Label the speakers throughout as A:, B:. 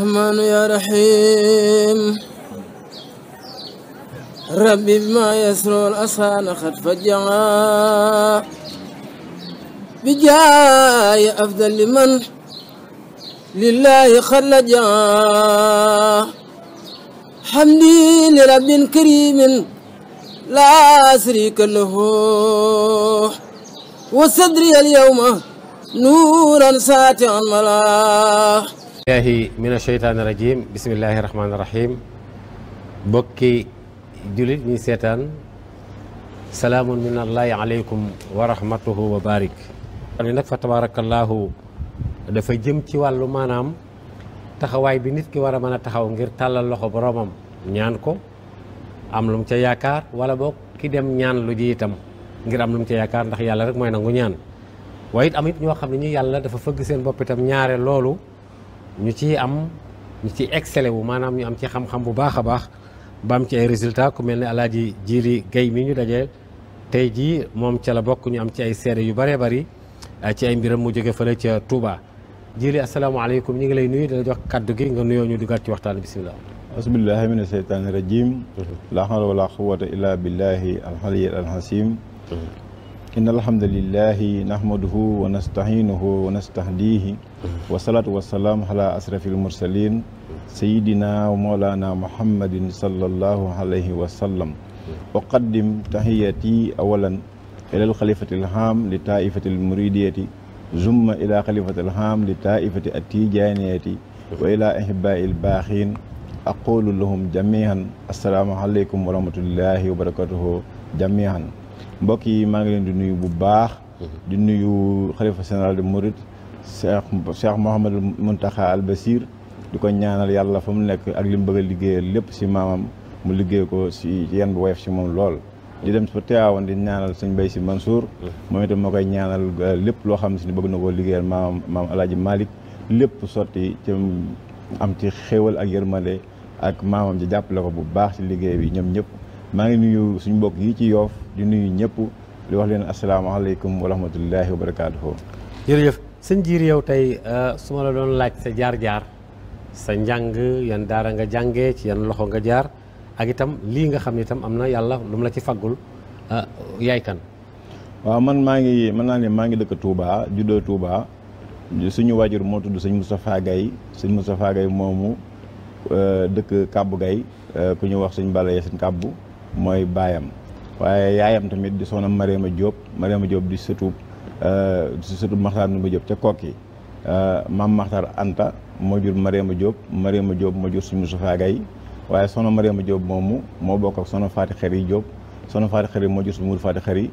A: رحمن يا رحيم ربي بما يسر الأسان قد فجعا بجاي أفضل لمن لله خلجا حمدي لرب كريم لا شريك له وصدري اليوم نورا ساتعا ملاح billahi min asheytaani rajim bismillahi rahmaani rahim bokki jullit ñi seetaan salaamun min allahi aleykum wa rahmatuhu wa nag fa tabaarakallaahu dafa jëm ci wàllu maanaam taxawaay bi nit ki war a mën a taxaw ngir tàllal loxo boromam ñaan ko am lu mu ca yaakaar wala boog ki dem ñaan lu ji ngir am lu mu ca yaakaar ndax yàlla rek mooy nangu ñaan waaye it ñoo xam ne ñu yàlla dafa fëgg seen bopp itam ñaare loolu ñu ci am ñu ci excellé wu maanaam ñu am ci xam-xam bu baax a baax ba am ci ay résultat ku mel ni alaaji Jili Gay mi ñu dajee tey jii moom ca la bokk ñu am ci ay seede yu bëree bari ah, ci ay mbiram mu jóge fële ca Touba Jili asalaamaaleykum ñu ngi lay nuyu dala jox kàddu gi
B: nga nuyoo ñu dugaat ci waxtaan bisimilah asbillahi mina seytaani rajim la hawla wala quwata illa billahi alxaliyil alxasim إن الحمد لله نحمده ونستعينه ونستهديه والصلاة والسلام على أشرف المرسلين سيدنا ومولانا محمد صلى الله عليه وسلم أقدم تحياتي أولا إلى الخليفة الهام لطائفة المريدية ثم إلى خليفة الهام لطائفة التيجانية وإلى أحباء الباخين أقول لهم جميعا السلام عليكم ورحمة الله وبركاته جميعا mbokk yi maa ngi leen di nuyu bu baax mhm. di nuyu xalifa général de Mourid Cheikh Cheikh Mouhamadou Mountakha Al Basir di ko ñaanal yàlla fa mu nekk ak li mu bëgg a lépp si maamam mu liggéey ko si yan bu woyof si moom lool di dem fa teewaawoon di ñaanal sëñ Bay si Mansour mhm. moom itam moo koy ñaanal euh, lépp loo xam si ni bëgg na koo liggéeyal maamam maam Alaaji Malick lépp sotti ci am ci xéewal ak yërmande ak maamam ji jàppale ko bu baax si liggéey bi ñoom ñëpp maa ngi nuyu suñ mbokk yi ci yoof di nuyu ñëpp li wax leen asalaamaaleykum wa rahmatullahi wa barakaatuhu.
A: jërëjëf sëñ Jiir yow tey euh, su ma la doon laaj sa jaar-jaar sa njàng yan daara nga jàngee ci yen loxo nga jaar ak itam lii nga xam ni itam am na yàlla lu mu la ci faggul euh, yaay kan.
B: waaw man maa ngi mën naa ne maa ngi dëkk Touba juddoo Touba suñu waajur moo tudd sëñ Moustapha Gaye sëñ Moustapha Gaye moomu euh, dëkk Kàbbu gay ku ñu wax sëñ Bala Yasin Kàbbu mooy baayam waaye yaayam tamit di soxna Mariama Diop Mariama Diop di sëtu euh, di sëtu Maxtaar Ndumba jóob ca Kokki euh, maam Maxtaar Anta moo jur Mariama Diop Mariama Diop moo jur suñu Moustapha Gaye waaye soxna Mariama Diop moomu moo bokk ak soxna Faati Xari Diop soxna Faati Xari moo jur suñu Mour Faati Xari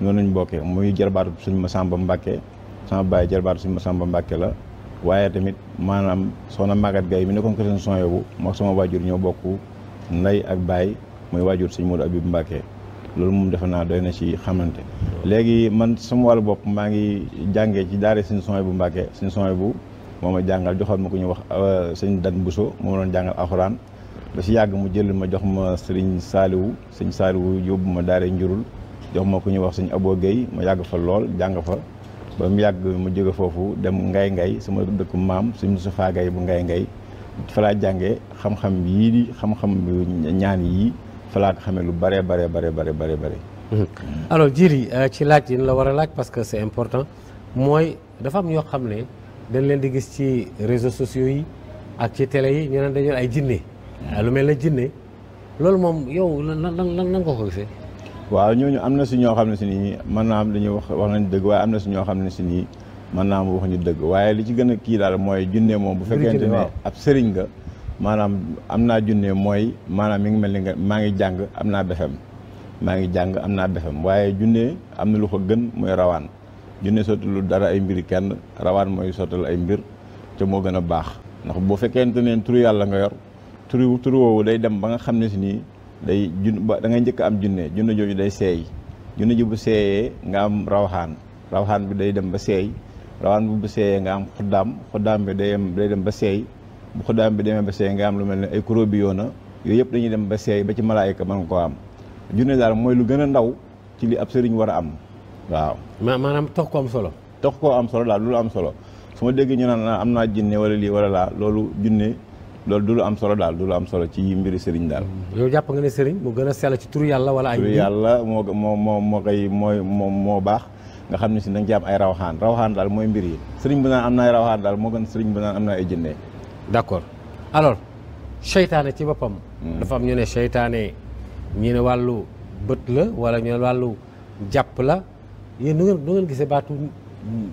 B: noonu lañ bokke muy jarbaatu suñu Masamba Mbàkke sama baay jarbaatu suñu Masamba Mbàkke la waaye tamit maanaam soona Maguette Gaye mi nekkoon ko seen son yobu moo sama waajur ñoo bokk ndey ak baay muy waajur suñu Modou Abib loolu moom defe naa doy na ci xamante léegi man suma wàllu bopp maa ngi jàngee ci daara suñu sooy bu Mbàkke suñu sooy bu moo ma jàngal joxoon ma ko ñu wax euh, sëñ Dan Bousso moo doon jàngal alxuraan da si yàgg mu jël ma jox ma sëriñ Saaliwu sëñ Saaliwu yóbbu ma daara njurul jox ma ku ñu wax sëñ Abo Guèye ma yàgg fa lool jàng fa ba mu yàgg mu jóge foofu dem Ngay Ngay sama dëkk maam sëñ Moustapha Gaye bu Ngay Ngay fa laa jàngee xam-xam yii xam-xam ñaan yii fa laa xamee lu bare bare bare bare bare bare mhm.
A: alors Djily euh, ci laaj yi la war a laaj parce que c'est important mooy dafa am ñoo xam ne dañ leen di gis ci réseau sociaux yi ak ci télé yi ñu naan dañu ay jinne ah, lu mel na jinne loolu moom yow lan lan lan nga ko
B: gisee. waaw ñooñu am na si ñoo xam ne nii mën naa am dañuy wax wax nañ dëgg waaye am na si ñoo xam ne si nii mën naa am wax ñu dëgg waaye li ci gën a kii daal mooy jinne moom bu fekkente ne ab sëriñ ga maanaam am naa junne mooy maanaam mi ngi mel ni nga maa ngi jàng am naa befem maa ngi jàng am naa befem waaye junne am na lu ko gën mooy rawaan junne lu dara ay mbir kenn rawaan mooy sottal ay mbir te moo gën a baax ndax boo fekkente ne turu yàlla nga yor turu turu woowu day dem ba nga xam ne si nii day jun ba da ngay njëkk am junne junne jooju day seey junne ji bu seeyee nga am rawaxaan rawaxaan bi day dem ba seey rawaan bi bu seeyee nga am xuddaam xuddaam bi day day dem ba seey bu xuddaam bi demee ba seey nga am lu mel ne ay kuró bi yoo yoona yooyu yëpp dañuy dem ba seey ba ci malaayika mën nga koo am junne daal mooy lu gën a ndaw ci lii ab sëriñ war a am waaw maanaam tox ko am solo tox koo am solo daal du lu am solo su ma dégg ñu naan am naa jinne wala lii wala laa loolu junne loolu du lu am solo daal du lu am solo ci mbiri sëriñ daal yow jàpp nga ne sëriñ mu gën a sell ci turu yàlla walaa ay moo moo moo moo koy mooy moo moo baax nga xam ne si da nga ci ay rawxaan rawxaan daal mooy mbir yi sëriñ bu naan am naa ay daal moo gën sëriñ bu naan am naa ay jinne d' accord alors seytaane ci boppam. Hmm. dafa am ñu ne seytaane ñu ne wàllu bët la wala ñu ne wàllu jàpp la yéen nu ngeen nu gisee baatu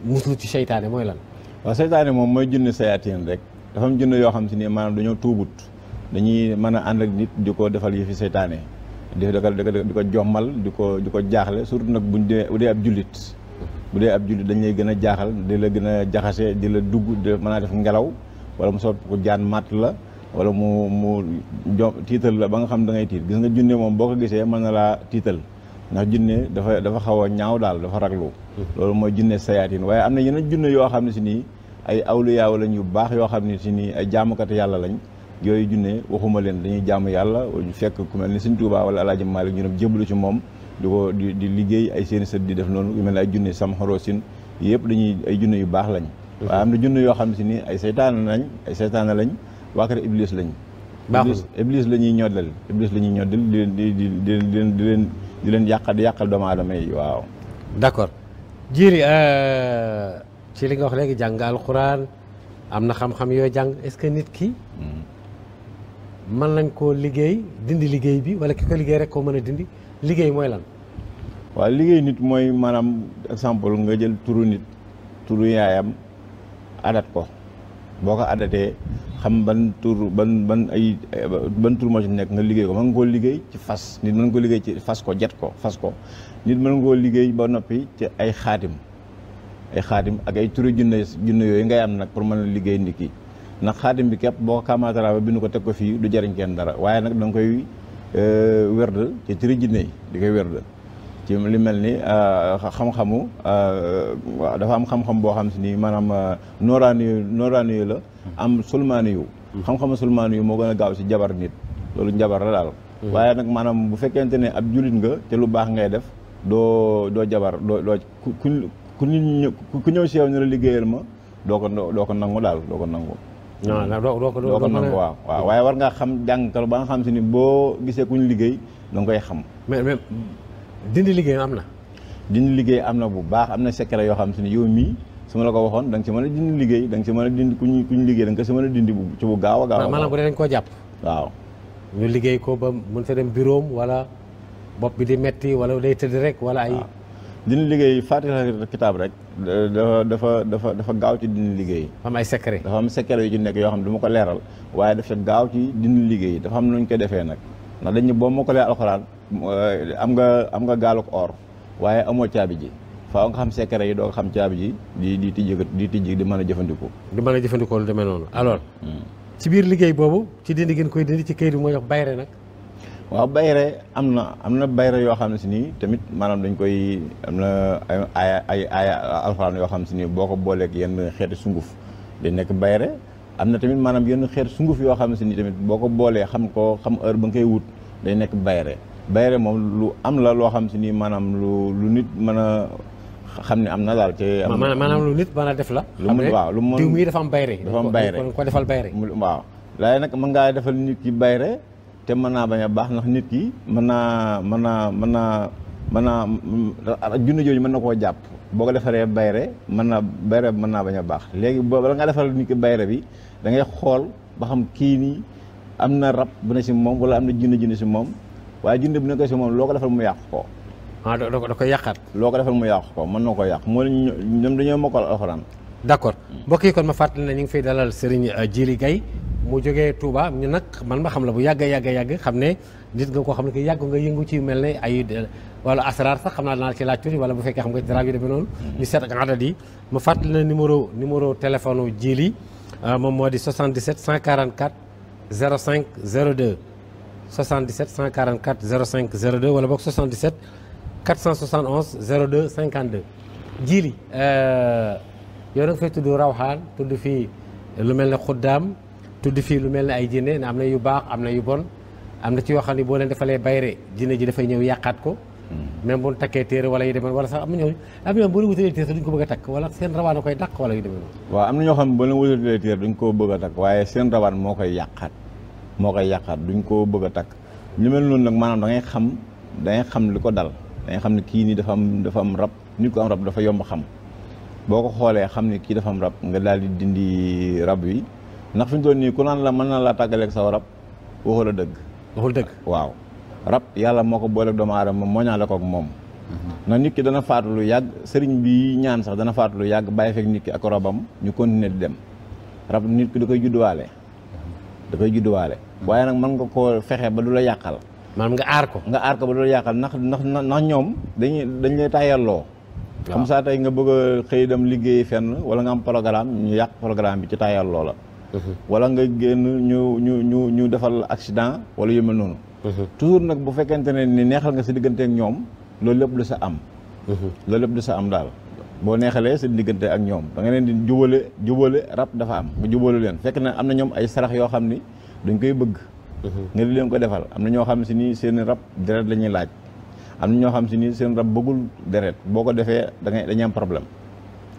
B: muslu ci seytaane mooy lan. waaw seytaane moom mooy junne sayaatin rek dafa am junne yoo xam si ne maanaam dañoo tuubut dañuy mën a ànd ak nit di ko defal yëfi seytaane di ko di ko jommal di ko di ko jaaxle surtout nag buñ dee bu dee ab jullit bu dee ab jullit dañ lay gën a jaaxal di la gën a jaxase di la dugg di mën a def ngelaw. wala mu sopp ko jaan maat la wala mu mu jo tiital la ba nga xam da ngay tiit gis nga junne moom boo ko gisee ma na laa tiital ndax junne dafa dafa xaw a ñaaw daal dafa raglu loolu mooy junne sayaatin waaye am na yeneen junne yoo xam ni si nii ay awliyaaw lañ yu baax yoo xam ne si nii ay jaamukat yàlla lañ yooyu junne waxuma leen dañuy jaamu yàlla ñu fekk ku mel ni Sëñ Tuubaa wala Alaaji Maalik ñu dem jébbalu ci moom di ko di ay seeni di def noonu yu mel ne ay junne sam xoroosin yëpp dañuy ay junne yu baax waaye am na junne yoo xam si ni ay seytaane lañ ay seytaane lañ waa kër iblis lañ baaxul iblis la ñuy ñoddal iblis la ñuy ñoddal di leen di di di leen leen di leen yàqal di yàqal doomu aadama yi waaw d'accord
A: jiri euh, ci li nga wax léegi jàng alxuraan am na xam-xam yoo jàng est-ce que nit ki man hmm. lañ koo liggéey dindi liggéey bi wala ki ko liggéey rek koo mën a dindi liggéey mooy lan
B: waaw liggéey nit mooy maanaam exemple nga jël turu nit turu yaayam adat ko boo ko adatee xam ban tur ban ban ay ban tur moo ci nekk nga liggéey ko mën nga koo liggéey ci fas nit mën nga koo liggéey ci fas ko jet ko fas ko nit mën liggéey ba noppi ci ay xaatim ay xaatim ak ay turi junne junne yooyu ngay am nag pour mën a liggéey nit ki ndax xaatim bi képp boo ko kaamaatara ba bind ko teg ko fii du jariñ kenn dara waaye nag da nga koy euh, werd ci turi junne yi di koy werd ci li mel ni euh, xam-xamu euh, waaw dafa am xam-xam boo xam si ni maanaam euh, nooraani yu nooraani yu la am sulmaani yu hmm. xam-xamu sulmaani yu moo gën a gaaw si jabar nit loolu njabar la daal hmm. waaye nag maanaam bu fekkente ne ab julit nga te lu baax ngay def doo doo jabar doo doo ku ñu ku ñëw si yow liggéeyal ma doo ko doo ko nangu daal doo ko nangu non
A: doo ko nangu waaw
B: waaye war ngaa xam jàngkal ba nga xam si ni boo gisee kuñ liggéey da koy xam dindi liggéey am na. dindi liggéey am na bu baax am na secret yoo xam si ne yow mii su ma la ko waxoon danga nga si mën a dindi liggéey da nga si mën a dindi ku ñu ku nga si mën a dindi bu ci bu a gaaw. maanaam bu jàpp. waaw. ñu liggéey ko ba mën sa dem bureau wala bopp bi di metti wala day tëdd rek wala ay. dindi liggéey fatiha kitaab rek. dafa dafa dafa gaaw ci dindi liggéey. dafa am ay secret. dafa am secret yu ci nekk yoo xam ne du ma ko leeral waaye dafa gaaw ci dindi liggéey dafa am lu ñu ko defee nag ndax dañ ne boo ma ko lee alxuraan am nga am nga gaaluk or waaye amoo caabi ji faaw nga xam secret yi doo xam caabi ji di di tijji di tijji di mën a jëfandikoo.
A: di mën a jëfandikoo lu demee noonu alors. Hmm. biir liggéey boobu ci dindi ngeen koy dindi ci kayit bi mooy wax bayre nag.
B: waaw bayre am na am na bayre yoo xam ne si nii tamit maanaam dañ koy am na ay ay ay alxuraan yoo xam ne si nii boo ko booleeg yenn xeeti sunguf day nekk bayre am na tamit maanaam yenn xeet sunguf yoo xam ne si nii tamit boo ko boolee xam ko xam heure ba nga koy wut day nekk bayre bayre moom lu am la loo xam si ni maanaam lu lu nit mën a xam ni am na daal te. am maanaam lu
A: nit mën a def la. lu mu waaw
B: lu mu diw mii dafa am bayre. dafa am bayre kon ko defal bayre. waaw laay nag mën ngaa defal nit ki bayre te mën naa bañ a baax ndax nit ki mën naa mën naa mën naa mën naa junne mën na koo jàpp. boo ko defaree bayre mën na bayre mën naa bañ a baax léegi boo la nga defal nit ki bayre bi da xool ba xam kii nii am na rab bu ne si moom wala am na junne junne si moom waaye junne bu nekkee si moom loo ko defal mu yàq ko ah, da ko da loo ko defal mu yàq ko mën na ko yàq moo lañ ñoom dañoo mokkal alxuraan d'accord mbokk yi kon ma fàttali ne ñu ngi fiy dalal Serigne euh, Djily Gaye mu
A: jógee Touba ñu nag man ma xam la bu yàgg yàgg yàgg xam ne nit nga koo xam ne que yàgg nga yëngu ci mel ne ay wala asrar sax xam naa danaa ci laaj tuuti wala bu fekkee xam nga ci dara yu demee noonu mm-hmm. ñu seet ak adat yi ma fàttali ne numéro numéro téléphone Djily euh, moom moo di 77 144 05 02 77 144 05 02 wala boog 77 471 02 52. jiili euh, yow nag fay tudd rawxaan tudd fii lu mel ne xuddaam tudd fii lu mel ne ay jinne ne am na yu baax am na yu bon am na ci yoo xam ne boo leen defalee bayre jinne ji dafay ñëw yàqaat ko. Hmm. même bu ñu takkee téere wala yu demee wala sax am na ñooñu xam ne wutalee téere duñ ko bëgg a takk wala seen rawaan koy dàq wala yu demee noonu.
B: waaw am na ñoo xam duñ ko bëgg a takk waaye seen rawaan moo koy yàqaat. moo koy yàqaat duñ koo bëgg a takk ñu mel noonu nag maanaam da xam da xam li ko dal da xam ne kii nii dafa am dafa am rab nit ko am rab dafa yomb xam boo ko xoolee xam ne kii dafa am rab nga daal di dindi rab yi ndax fi ñu nii ku naan la mën na laa tàggaleeg saw rab waxu la dëgg. waaw. rab yàlla moo ko booleeg doomu aadama moo ñaale koog moom. Mhm. ndax nit ki dana faatu lu yàgg sëriñ bi ñaan sax dana faatu lu yàgg bàyyi fekk nit ki ak ñu continuer di dem rab nit ki da koy judduwaale dakay judduwaale waaye nag mën nga koo fexe ba du la yàqal. maanaam nga aar ko. nga aar ko ba du la yàqal ndax ndax ndax ñoom dañuy dañ lay tàyyalloo. xam saa tey nga bëgg a xëy dem liggéey fenn wala nga am programme ñu yàq programme bi ci tàyyalloo la. Mhm. wala nga génn ñu ñu ñu ñu defal accident wala yu mel noonu. Mhm. toujours nag bu fekkente ne ni neexal nga sa diggante ak ñoom loolu lépp du sa am. Mhm. loolu lépp du sa am daal. boo neexalee seen diggante ak ñoom da nga leen di jubale jubale rab dafa am jubale leen fekk na am na ay sarax yoo xam ni dañ koy bëgg mhm. nga di leen ko defal am na ñoo xam si nii seen rab deret la ñuy laaj am na ñoo xam si nii seen rab bëggul deret boo ko defee da ngay dañuy am problème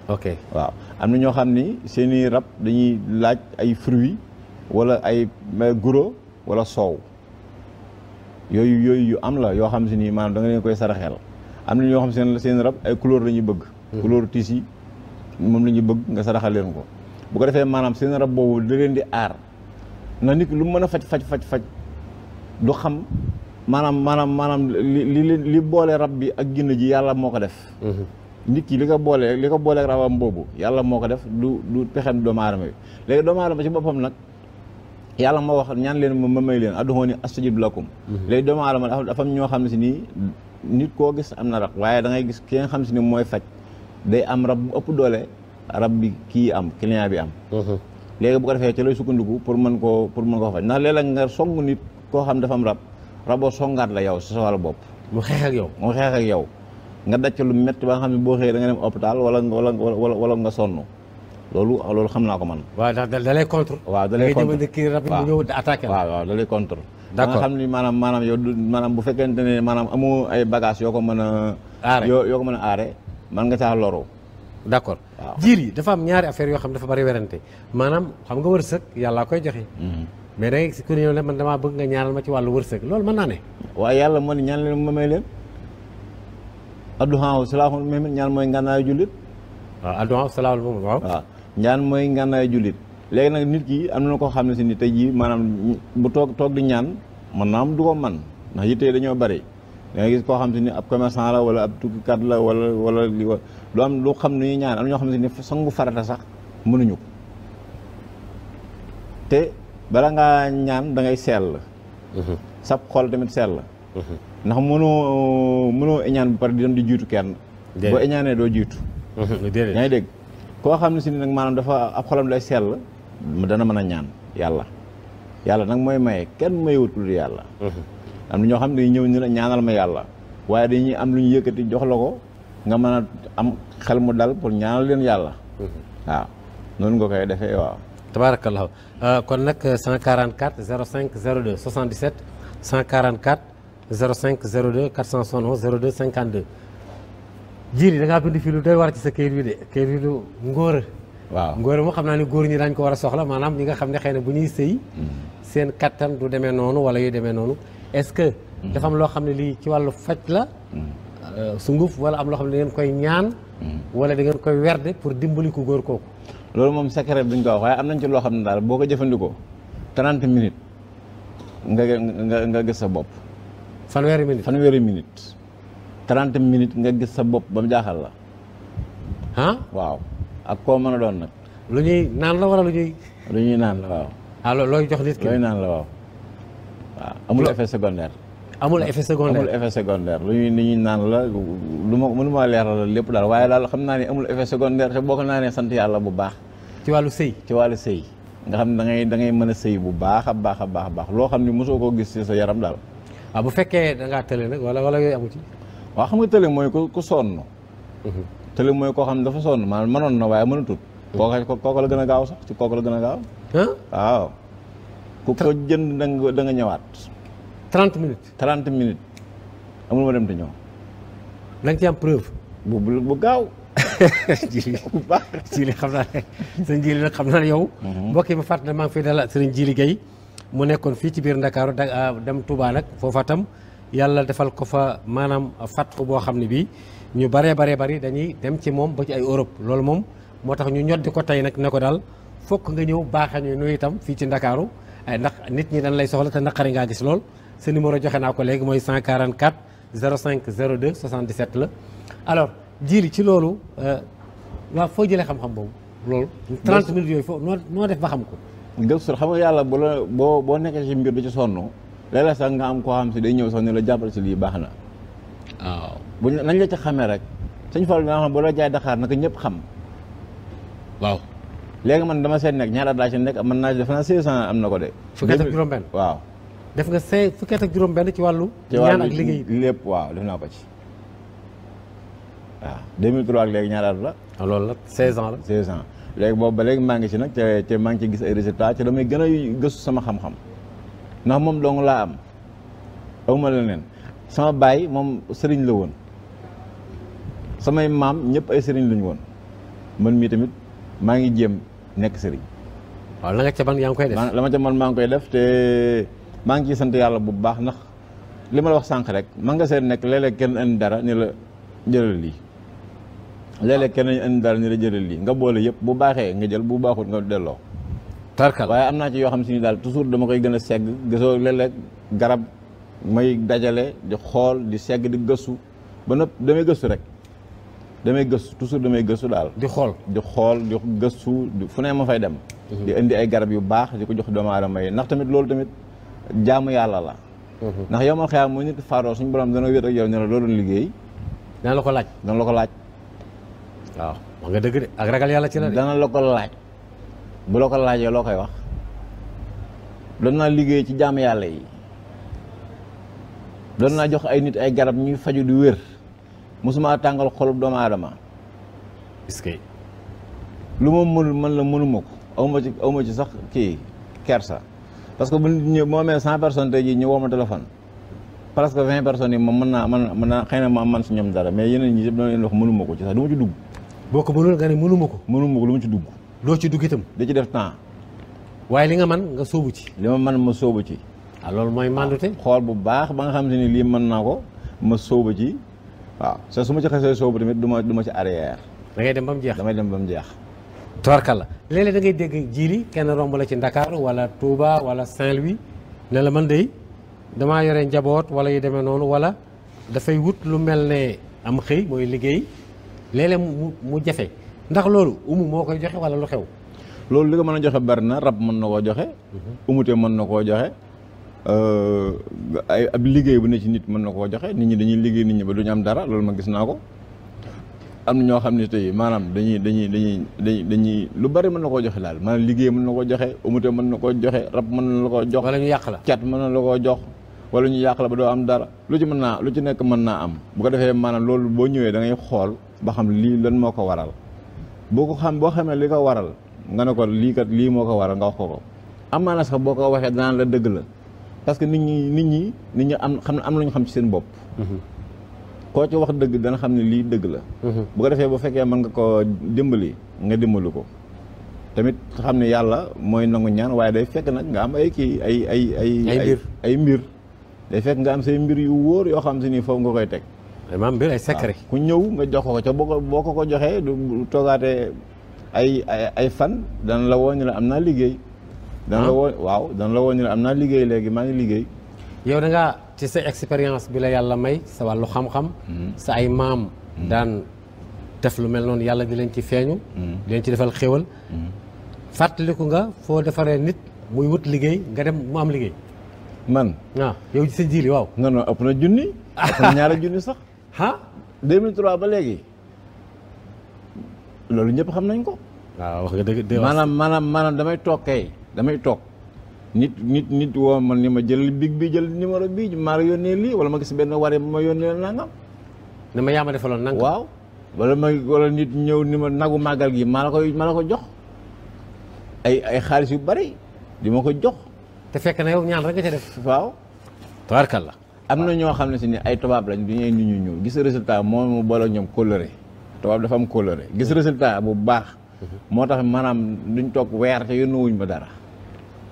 B: ok waaw am na ñoo xam ni seen i rab dañuy laaj ay fruits wala ay guro wala soow yooyu yooyu yu am la yoo xam si nii maanaam da nga koy saraxeel am na ñoo xam seen seen rab ay couleur la ñuy bëgg mhm. couleur tissu moom la ñuy bëgg nga saraxal leen ko bu ko defee maanaam seen rab boobu da leen di aar na nit lu mën a faj faj faj faj du xam maanaam maanaam maanaam li li li boole rab bi ak ginne ji yàlla moo ko def. Mhm. nit ki li ko boolee li ko booleeg am boobu yàlla moo ko def du du pexem doomu aadama bi léegi doomu aadama ci boppam nag yàlla moo wax ñaan leen ma may leen adduhooni astajib lakum. Mhm. léegi doomu aadama dafa am ñoo xam ne si nii nit koo gis am na rab waaye dangay gis ki nga xam si ni mooy faj day am rab ëpp doole rab bi kii am client bi am. Mhm. léegi bu ko defee ci lay sukkandiku pour mën koo pour mën koo faj ndax léeg nga song nit koo xam dafa am rab raboo songaat la yow sa wàllu bopp. mu xeex ak yow mu xeex ak yow. nga daj lu metti ba nga xam ne boo xëyee da nga dem hôpital wala wala wala wala nga sonn loolu loolu xam naa ko man.
A: waaw da da lay contre.
B: waaw da lay contre da ngay
A: kii rab mu ñëw
B: attaqué la. waaw waaw da lay contre. d'accord nga xam ni maanaam maanaam yow maanaam bu fekkente ne maanaam ay bagages yoo ko mën a. yoo yoo mën a aare mën nga caa d' accord
A: jiir yi dafa am ñaari affaire yoo xam dafa bari werante maanaam xam nga wërsëg yàllaa koy joxe mhm.
B: mais da ngay ku ne ñëw man damaa bëgg nga ñaanal ma ci wàllu wërsëg loolu mën naa ne waaye yàlla moo ne ñaan leen ma may leen adduhaaw salaaxul mu'min ñaan mooy ngànnaayu jullit waa adduhaaw salaaxul mu'min waaw waaw ñaan mooy ngànnaayu jullit léegi nag nit ki am na koo xam ne si ni tey jii maanaam bu toog toog di ñaan mën naa am du ko man ndax yitte dañoo bari da gis koo xam si ni ab commerçant la wala ab tukkikat la wala wala lu am lu xam ne ñaan am ñoo xam ne sangu farata sax mënuñu ko te bala ngaa ñaan da ngay sell. Mhm. sab xol tamit sell. Mhm. ndax mënoo mënoo ñaan ba pare di dem di jiitu kenn. boo ñaanee doo jiitu. Mhm, yaa ngi dégg koo xam ne si ni nag maanaam dafa ab xolam day sell dana mën ñaan yàlla yàlla nag mooy maye kenn mayewut lu yàlla. am na ñoo xam ne dañuy ñëw ñu ne ñaanal ma yàlla waaye dañuy am lu ñu yëkkati jox la ko. nga mën a am xel mu dal pour ñaanal leen yàlla. Mhm. waaw noonu nga koy defee waaw. tabaarakallaahu euh, kon nag 144
A: 05 02 77 144 05 02 471 02 52. jiiri da ngaa bind fii lu doy war ci sa kayit bi de kayit bi du ngóora. waaw ngóora moo xam naa ne góor ñi daañu ko war a soxla maanaam ñi nga xam ne xëy na bu ñuy sëy. Mhm. seen kattan du demee noonu wala yu demee noonu est-ce que. Mhm. dafa am loo xam ne lii ci wàllu faj la. Euh, sunguf wala am loo xam ne da koy ñaan. Mm-hmm. wala da ngeen koy werde pour
B: dimbali ko góor kooku. loolu moom secret bi duñ ko wax waaye am nañ ci loo xam ne daal boo ko jëfandikoo 30 minutes nga nga nga gis sa bopp. fanweeri minutes fanweeri minutes 30 minutes nga gis sa bopp ba mu jaaxal la. waaw ak koo mën a doon nag. lu ñuy naan la wala lu ñuy. lu naan la waaw. ah looy jox nit ki looy naan la waaw. waaw amul effet secondaire. amul effet secondaire amul effet secondaire lu ñuy naan la lu ma mënu maa leeralal lépp daal waaye daal xam naa ne amul effet secondaire te boo ko naanee sant yàlla bu baax. ci wàllu sëy ci wàllu sëy nga xam da ngay da ngay mën a sëy bu baax a baax a baax baax loo xam ne mosoo koo gis sa yaram daal. waaw ah, bu fekkee dangaa ngaa tële nag wala wala yooyu amu ci. xam nga tële mooy ku ku sonn. Mhm. tële mooy koo xam ne dafa sonn maa manoon na waaye mënatut. kooku mhm. kooku la gën a gaaw sax ci kooku la gën a gaaw. waaw ku ko jënd da ñëwaat 30 minutes. trante minutes amul ma dem te ñëw. ci am preuve. bu gaaw. jili bu
A: baax jili xam naa ne sëñ nag xam naa ne yow. Mhm. mbokk yi ma fàttali maa ngi fay dalal sëriñ jili Guèye mu nekkoon fii ci biir Ndakaaru da ah, dem Touba nag foofa tam yàlla defal ko fa maanaam fàttu boo xam ne bii ñu baree baree bari dañuy dem ci moom ba ci ay Europe loolu moom moo tax ñu ñoddi ko tey nag ne ko daal fokk nga ñëw baaxee ñu nuyu itam fii ci Ndakaaru eh, ndax nit ñi dañ lay soxla te naqari ngaa gis lool. sa numéro joxe naa ko léegi mooy cent 144 05 02 77 la alors jiili ci loolu euh, waa foo jëlee
B: xam-xam boobu loolu 30 minutes yooyu foo noo noo def ba xam ko gëstu xam nga yàlla bu la boo boo nekkee ci mbir du ci sonn léeg-léeg sax nga am koo xam si day ñëw sax ne la jàppal si lii baax na waaw bu nañ la ci xamee rek sëñ Fall nga xam bu la jaay Dakar naka ñëpp xam waaw léegi man dama seen nekk ñaar at mën naa def naa six am na ko de fukki at ak juróom benn waaw
A: def nga cinq fukki at ak juróom benn ci wàllu. ñaan ak liggéey
B: lépp waaw def naa ko ci. waaw 2003 ak léegi ñaaraat la. ah loolu la 16 ans la. 16 léegi boobu ba léegi maa ngi ci nag te te maa ngi ci gis ay résultats te damay gën a gëstu sama xam-xam ndax moom dong laa am awma leneen sama baay moom sëriñ la woon samay maam ñëpp ay sëriñ lañu woon mën mii tamit maa ngi jéem nekk sëriñ. waaw la nga ca yaa ngi koy def la ma ca man maa ngi koy def te. maa ngi ciy sant yàlla bu baax ndax li ma la wax sànq rek man nga seen nekk léeg kenn indi dara ni la jëlal lii léeg-léeg kenn indi dara ni la jëlal lii nga boole yëpp bu baaxee nga jël bu baaxut nga delloo. tarkal waaye am naa ci yoo xam si ni daal toujours dama koy gën a segg gisoo léeg garab may dajale di xool di segg di gëstu ba nopp damay gëstu rek damay gëstu toujours damay gëstu daal. di xool di xool di gëstu fu ne ma fay dem. Mhm. di indi ay garab yu baax di jox doomu aadama yi ndax tamit loolu tamit. jaamu yàlla la mhm. ndax yow mal xiyaam mu nit faroo suñu borom dana wéet ak yow ne la doon liggéey dana la ko laaj dana la ko laaj waaw wax nga yàlla ci la dana la ko laaj bu ko laajee loo koy wax doon naa liggéey ci jaamu yàlla yi doon naa jox ay nit ay garab ñuy faju di wér mosuma tàngal xolub doomu aadama est lu ma mënul mën la mënuma ko awma ci awma ci sax kii kersa parce que bu nit ñëw boo amee cent personnes tey jii ñu woo ma téléphone presque vingt personnes yi moom mën naa man mën naa xëy na ma man si ñoom dara mais yeneen ñi yëpp dama leen wax mënu ci dugg boo ko mënul nga ne mënu ko mënu ma ko lu loo ci dugg itam da ci def temps waaye li nga man nga soobu ci li ma man ma sóobu ci ah loolu mooy mandute xool bu baax ba nga xam ne ni lii man naa ko ma sóobu ci waaw sa su ma ci xasee sóobu tamit du ma du ma ci arrière da ngay dem ba mu jeex damay dem ba mu jeex tubarkalla
A: léeg dangay dégg jiili kenn romb la ci Ndakaar wala Touba wala Saint-Louis ne la man de damaa yore njaboot wala yu deme noonu wala dafay
B: wut lu mel ne am xëy mooy liggéey léeg-léeg mu mu jafe ndax loolu umu moo koy joxe wala lu xew. loolu li nga mën a joxe bari na rab mën na koo joxe. Mhm. umute mën na koo joxe. Euh, ay ab liggéey bu ne ci nit mën na koo joxe nit ñi dañuy liggéey nit ñi ba duñu am dara loolu ma gis naa ko. am na ñoo xam ne tey maanaam dañuy dañuy dañuy dañuy dañuy lu bari mën na koo joxe daal maanaam liggéey mën na koo joxe umute mën na koo joxe rab mën na la koo jox. yàq la cat mën na la koo jox. wala ñu yàq la ba doo am dara lu ci mën naa lu ci nekk mën naa am bu ko defee maanaam loolu boo ñëwee da xool ba xam lii lan moo ko waral boo ko xam boo xamee li ko waral nga ne ko lii kat lii moo ko waral nga wax ko ko amaana sax boo ko waxee danaan la dëgg la parce que nit ñi nit ñi nit ñi am xam am nañu xam ci seen bopp mm-hmm. koo ci wax dëgg dana xam ne lii dëgg la mhm. bu ko defee bu fekkee mën nga ko dimbali nga dimbalu ko tamit xam ne yàlla mooy nangu ñaan waaye day fekk nag nga am ay kii ay ay ay mbir day fekk nga am say mbir yu wóor yoo xam si ni foofu nga koy teg maam mbir ku ñëw nga jox ko ca boo ko boo ko ko joxee du toogaatee ay ay fan dana la woo ñu la am naa liggéey dana ah. la woo waaw dana la woo ñu la am naa liggéey léegi maa ngi liggéey
A: ci sa expérience bi la yàlla may sa wàllu xam-xam hmm. sa ay maam hmm. daan def lu mel noonu yàlla di leen ci feeñu hmm. di leen ci defal xéwal fàttaliku nga foo defaree nit muy wut liggéey nga dem
B: mu am liggéey man waaw ah, yow ci sa jiili waaw nga non ëpp na junni ëpp na ñaari junni sax ah 2003 ba léegi loolu ñëpp xam nañ ko waaw wax nga dëgg maanaam maanaam maanaam damay toog kay damay toog nit nit nit woo man ni ma jëlal big bi jël numéro bi maa la yónnee lii wala ma gis benn waree bu ma yónnee nangam. ne ma yaa ma defaloon nangam waaw. wala ma wala nit ñëw ni ma nagu màggal gi maa la koy maa la ko jox ay ay xaalis yu bari di ma ko jox.
A: te fekk na yow ñaan rek nga ca def. waaw.
B: tabarkalla. am na ñoo xam ne si ni ay tubaab lañ du ñuy nit ñu ñuul gis résultat moom mu boole ñoom coloré tubaab dafa am coloré gis résultat bu baax. Mhm. moo tax maanaam duñ toog weer te yónnuwuñ ma dara.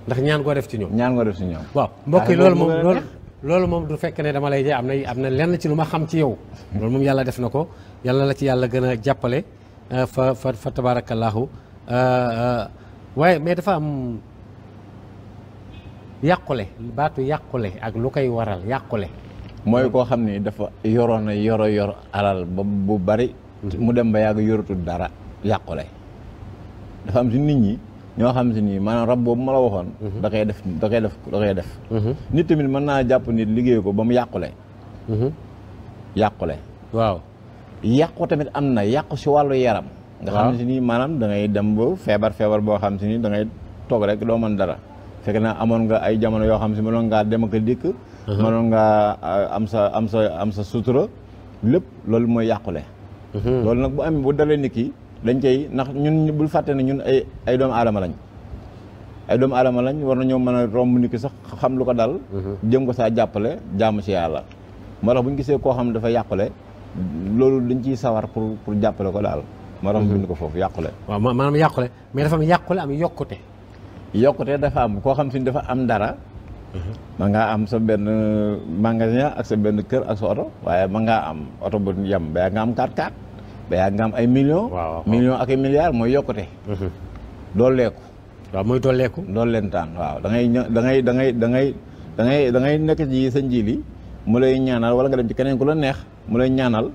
B: ndax ñaan koo def ci ñoom. ñaan koo def ci ñoom. waaw mbokk yi loolu moom loolu.
A: loolu moom du fekke ne dama lay de am na am na lenn ci lu ma xam ci yow. loolu moom yàlla def na ko yàlla la ci yàlla gën a jàppale euh, fa fa fa euh, euh, waaye mais dafa am yàqule baatu yàqule ak lu koy waral
B: yàqule. mooy koo xam ni dafa yoroon na yoro yor alal ba bu bari mm-hmm. mu dem ba yàgg yoratul dara yàqule dafa am ci nit ñi. ñoo xamante ni maanaam rab boobu ma la waxoon. Mhm. da koy def da koy def da koy def. Mhm. nit tamit mën naa jàpp nit liggéey ko ba mu yàqule. Mhm. yàqule. waaw yàqu tamit am na yàqu si wàllu yaram. nga xamante ni maanaam da dem ba feebar feebar boo xamante ni da ngay toog rek doo mën dara. fekk naa amoon nga ay jamono yoo xam si mënoon ngaa dem ak a dikk. mënoon ngaa euh, am sa am sa am sa sutura lépp loolu mooy yàqule. loolu nag bu am bu dalee nit ki. dañ cay ndax ñun bul fàtte na ñun ay ay doomu aadama lañ ay doomu aadama lañ war na ñoo mën a romb nit ki sax xam lu ko daal mhm. jëm ko saa jàppale jaamu si yàlla moo tax bu ñu gisee koo xam dafa yàqule loolu dañ ciy sawar pour pour jàppale ko daal moo tax mhm. bind ko foofu yàqule waaw maanaam yàqule mais dafa am
A: yàqule am yokkute
B: yokkute dafa am koo xam si ni dafa am dara mhm. ma ngaa am sa benn magasin ak sa benn kër ak sa oto waaye man ngaa am oto bu yem ba nga am 4 x ba yàgg nga am ay millions. waaw millions ak ay milliards mooy yokkute. Mhm. dooleeku. waaw mooy dooleeku. doolentaan waaw da ngay da dangay dangay ngay da ngay dangay ngay da ngay nekk ci sa nji li mu lay ñaanal wala nga dem ci keneen ku la neex mu lay ñaanal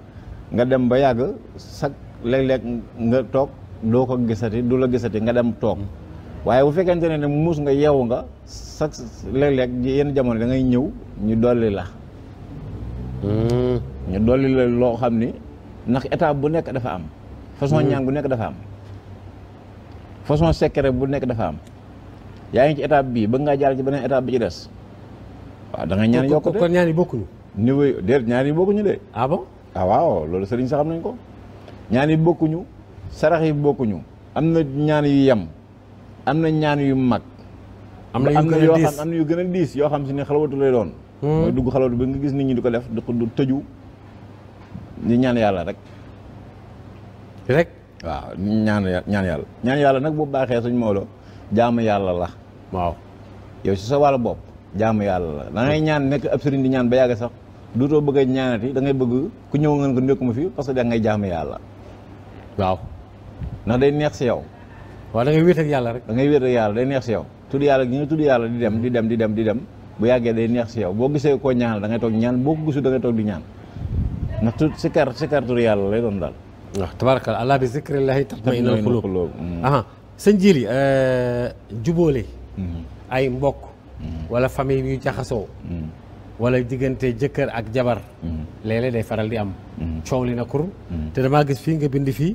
B: nga dem ba yàgg sax léeg-léeg nga toog doo ko gisati du la gisati nga dem toog. waaye bu fekkente ne ne muus nga yeewu nga sax léeg-léeg yenn jamono da ngay ñëw ñu dolli la. Mhm. ñu dolli la loo xam ni. ndax étape bu nekk dafa am. façon hmm. ñaan bu nekk dafa am. façon secret bu nekk dafa am. yaa ngi ci étape bii bëgg ngaa jaar ci beneen étape bi ci des. waaw da ñaan yokkute kon ñaan yi bokkuñu. niveau yi déet ñaan yi bokkuñu de. ah, ah waaw loolu sëriñ sax xam nañ ko. ñaan yi bokkuñu. sarax yi bokkuñu. am na ñaan yu yem. am na ñaan yu mag. am na yoo xam am na yu gën a diis yoo xam si ne xalawatu lay doon.
A: Hmm. mooy dugg xalawatu
B: bi nga gis nit ñu di ko def di ko tëju. ñu ñaan yàlla rek. rek. waaw ñaan ñaan yàlla ñaan yàlla nag boobu baaxee suñ Maodo jaamu yàlla la. waaw yow si sa wàllu bopp jaamu yàlla la da ngay ñaan nekk ab sëriñ di ñaan ba yàgg sax du dootoo bëgg a ñaanati da ngay bëgg ku ñëw ngeen ko nekkuma fi parce que da ngay jaamu yàlla. waaw. ndax day neex si yow. waaw da ngay wéet ak yàlla rek. da ngay wéet yàlla day neex si yow. tudd yàlla gi nga tudd yàlla di dem di dem di dem di dem bu yàggee day neex si yow boo gisee koo ñaan da ngay toog ñaan boo ko gisul ñaan. ndax tu sikar sikar tur yàlla lay doon daal. waaw tabaarakalla allah bi zikrillahi tatma'innul qulub
A: sëñ Jili jubóole ay mbokk wala famille yu jaxasoo wala diggante jëkkër ak jabar léeg day faral di am coow li na kur te damaa gis fii nga bind fii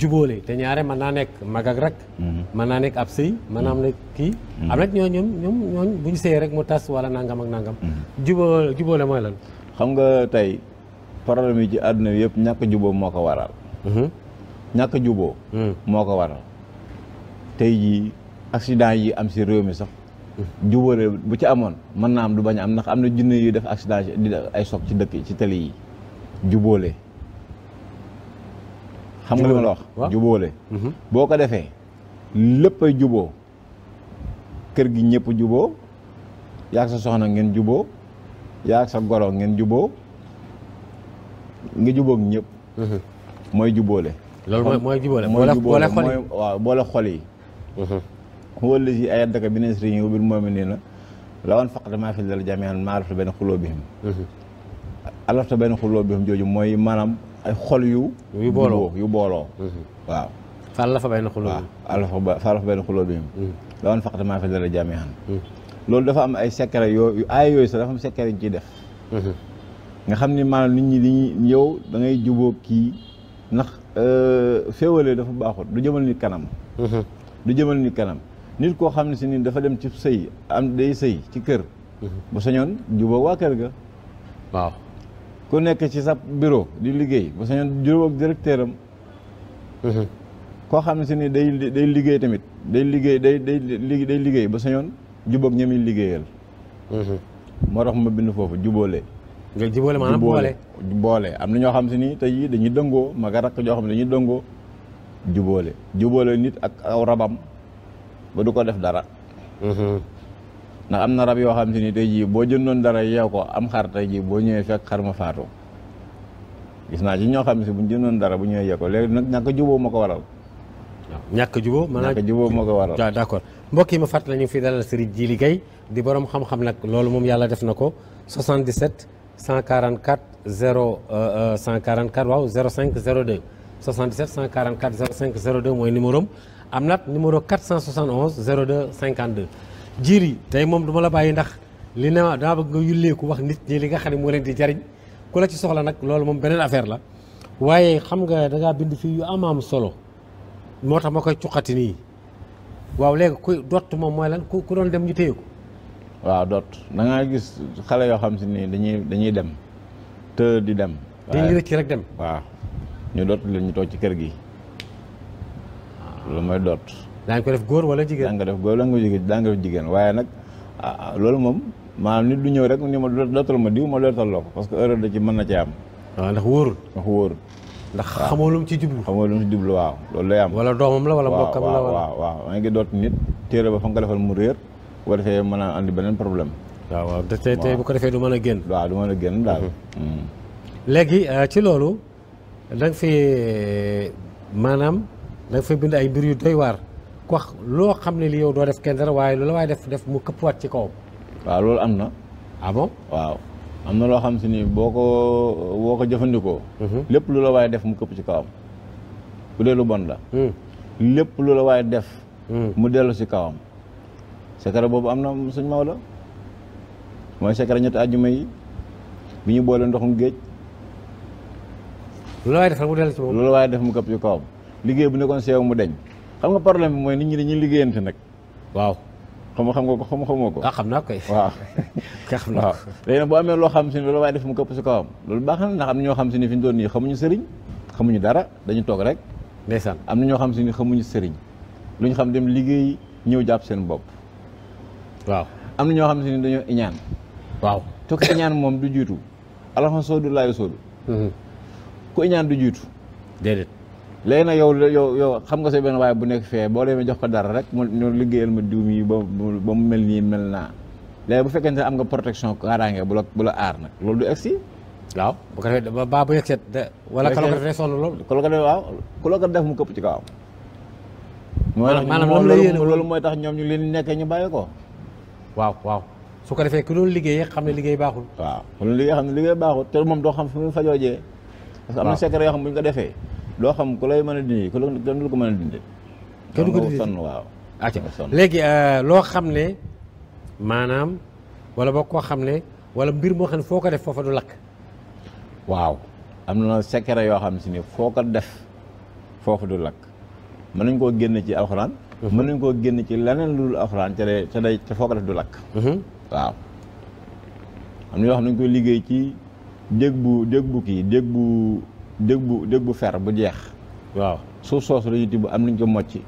A: jubóole te ñaare mën naa nekk mag ak rak mën naa nekk ab sëy mën naa kii am nag ñoo ñooñ bu ñu rek mu tas wala nangam ak nangam
B: jubóole jubóole mooy lan xam nga tey problème yi ci àdduna bi yëpp ñàkk juboo moo ko waral mhm. ñàkk juboo mhm. moo ko waral tey jii accident yi am si réew mi sax jubóore bu ci amoon mën naa am du bañ am ndax am na junne yu def accident di ay soog ci dëkk ci tali yi jubóole
A: xam nga li ma la wax jubóole mhm.
B: boo ko defee lépp ay juboo kër gi ñëpp juboo yaag sa soxna ngeen juboo yaag sa goro ngeen juboo nga jubóog ñëpp. Mhm. mooy jubóole. loolu mooy jubóole mooy jubóole mooy waaw boole xol yi. Mhm. wala si ay addaka bi ne bi moom nii na la faq damaa fi dal jami'an maa alafta benn benn xuloo jooju mooy maanaam ay xol yu. yu booloo yu booloo. Mhm. waaw. fa alafa benn xuloo bihim waaw alafa fa alafa benn xuloo bihim. la woon faq damaa fi dal jami'an. loolu dafa am ay secret yoo yu yooyu sax dafa am secret yu ñu ciy def. nga xam ni maanaam nit ñi dañuy yow da ngay jubóog kii ndax euh, féewale dafa baaxul du jëmal nit kanam. Mhm. du jëmal nit kanam nit koo xam ne si ni dafa dem ci sëy am day sëy ci kër. Mhm. bu sañoon jubóog waa kër ga. waaw ku nekk ci sa bureau di liggéey bu sañoon jubóog directeur am. Mhm. koo xam ne ni day day liggéey tamit day liggéey day day day liggéey bu sañoon jubóog ña muy liggéeyal. moo ma bind foofu juboole nga jubóole maanaam boole boole am na ñoo xam si ni tey jii dañuy dëngoo mag a rakk ñoo xam ne dañuy dëngoo jubóole jubóole nit ak aw rabam ba du ko def dara mm-hmm. ndax am na rab yoo xam si ni tey jii boo jëndoon dara yeew ko am xar tey jii boo ñëwee fekk xar ma faatu gis naa ci ñoo xam si bu ñu jëndoon dara bu ñëwee yeew ko léegi nag ñàkk juboo ma ko waral ñàkk a jubóo maanaam ñàkk moo ko waral waaw d' mbokk yi ma fàttali ñu fi dalal Serigne Djily Gaye di
A: borom xam-xam nag loolu moom yàlla def na ko 77 144 0 144 waaw 05 02 77 144 05 02 mooy numéro am am naat numéro 471 02 52. jiir yi tey moom du ma la bàyyi ndax li ne daa bëgg nga yulleeku wax nit ñi li nga xam ne moo leen di jariñ ku la ci soxla nag loolu moom beneen affaire la waaye xam nga dangaa bind fii yu am am solo moo tax ma koy cuqati nii waaw léegi
B: ku dott moom
A: mooy lan ku ku doon dem ñu téye ko.
B: waaw doot da gis xale yoo xam si ni dañuy dañuy dem te di dem. dañuy rëcc rek dem. waaw ñu dot la ñu toog ci kër gi. loolu mooy doot daañu ko def wala jigéen. daañu ko def góor wala jigéen daañu ko def jigéen waaye nag ah, ah, loolu moom maanaam nit du ñëw rek ni ma dootal ma diw ma dootal loo ko parce que erreur da ci mën na cee am. waaw ndax wóorul. ndax wóorul. ndax xamoo lu mu ci jublu. xamoo lu mu ci waaw loolu lay am. wala doomam la wala mbokkam la wala waaw waaw maa ngi doot nit téere ba fa nga ko mu réer. bu ko andi beneen problème. waaw waaw defee du mën a génn. waaw du a génn daal. Mhm. Mm. léegi
A: euh, ci loolu da nga fi maanaam da nga fi bind waar ku loo xam ne li yow doo def kenn dara waaye loola waaye def def mu këppuwaat ci kawam.
B: waaw loolu am na. abo ah bon waaw. am na loo xam si ni boo ko boo ko jëfandikoo. Mhm. lépp lu la waaye def mu këpp ci kawam. bu dee lu bon la. Hmm. lépp lu la waaye def. Hmm. mu dellu si kawam. secret boobu am na suñ Maodo mooy secret ñetti àjjuma yi bi ñu boole ndoxum géej. loolu waaye def mu dellu ci loolu waaye def mu këpp ci kawam liggéey bu nekkoon seew mu deñ xam nga problème mooy nit ñi dañuy liggéeyante nag. waaw xam xam nga ko xam xamoo ko. ah xam naa koy. waaw xam naa ko waaw léegi nag amee loo xam si ne loolu waaye def mu këpp ci kawam loolu baax na ndax am ñoo xam si ne fi ñu doon nii xamuñu sëriñ xamuñu dara dañu toog rek. ndeysaan am na ñoo xam si ne xamuñu sëriñ lu ñu xam dem liggéey ñëw jàpp seen bopp waaw am na ñoo xam ne dañoo iñaan waaw te ku iñaan moom du jiitu alaxan soodu laayu soodu mm-hmm. ku iñaan du juitu déedéet léegi nag yow yow yow xam nga sa benn waaye bu nekk fee boo demee jox ko dara rek mu liggéeyal ma diw mii ba ba mu mel nii mel naa bu fekkente am nga protection kaaraange bu la bu la aar nag loolu du egsi bu ko defee ba bu egsi wala ku la ko defee sonn loolu ku la ku def mu këpp ci kawam. maanaam moom la yéene loolu mooy tax ñoom ñu leen nekkee ñu bàyyi ko. waaw waaw
A: su ko defee ku doon liggéey xam ne liggéey baaxul. waaw
B: ku doon liggéey xam ne liggéey baaxul te moom doo xam fu mu fajoo jee. parce que am na secret yoo xam bu ñu ko defee. doo xam ku lay mën a dindi ku la ko mën a dindi. kenn du ko dindi ah, sonn waaw.
A: léegi euh, loo xam ne maanaam wala boo koo xam ne wala mbir moo xam ne foo ko def foofa du lakk.
B: waaw am na secret yoo xam si ne foo ko def foofu du lakk mën nañ koo génne ci alxuraan. mën nañ koo génn ci leneen lu dul alxuraan ca day ca day ca foo ko def du lakk mhm. waaw am na yoo xam koy liggéey ci dég bu dég bu kii dég bu dég bu dég bu fer bu jeex waaw suuf soosu dañuy tibb am nañ ko mocc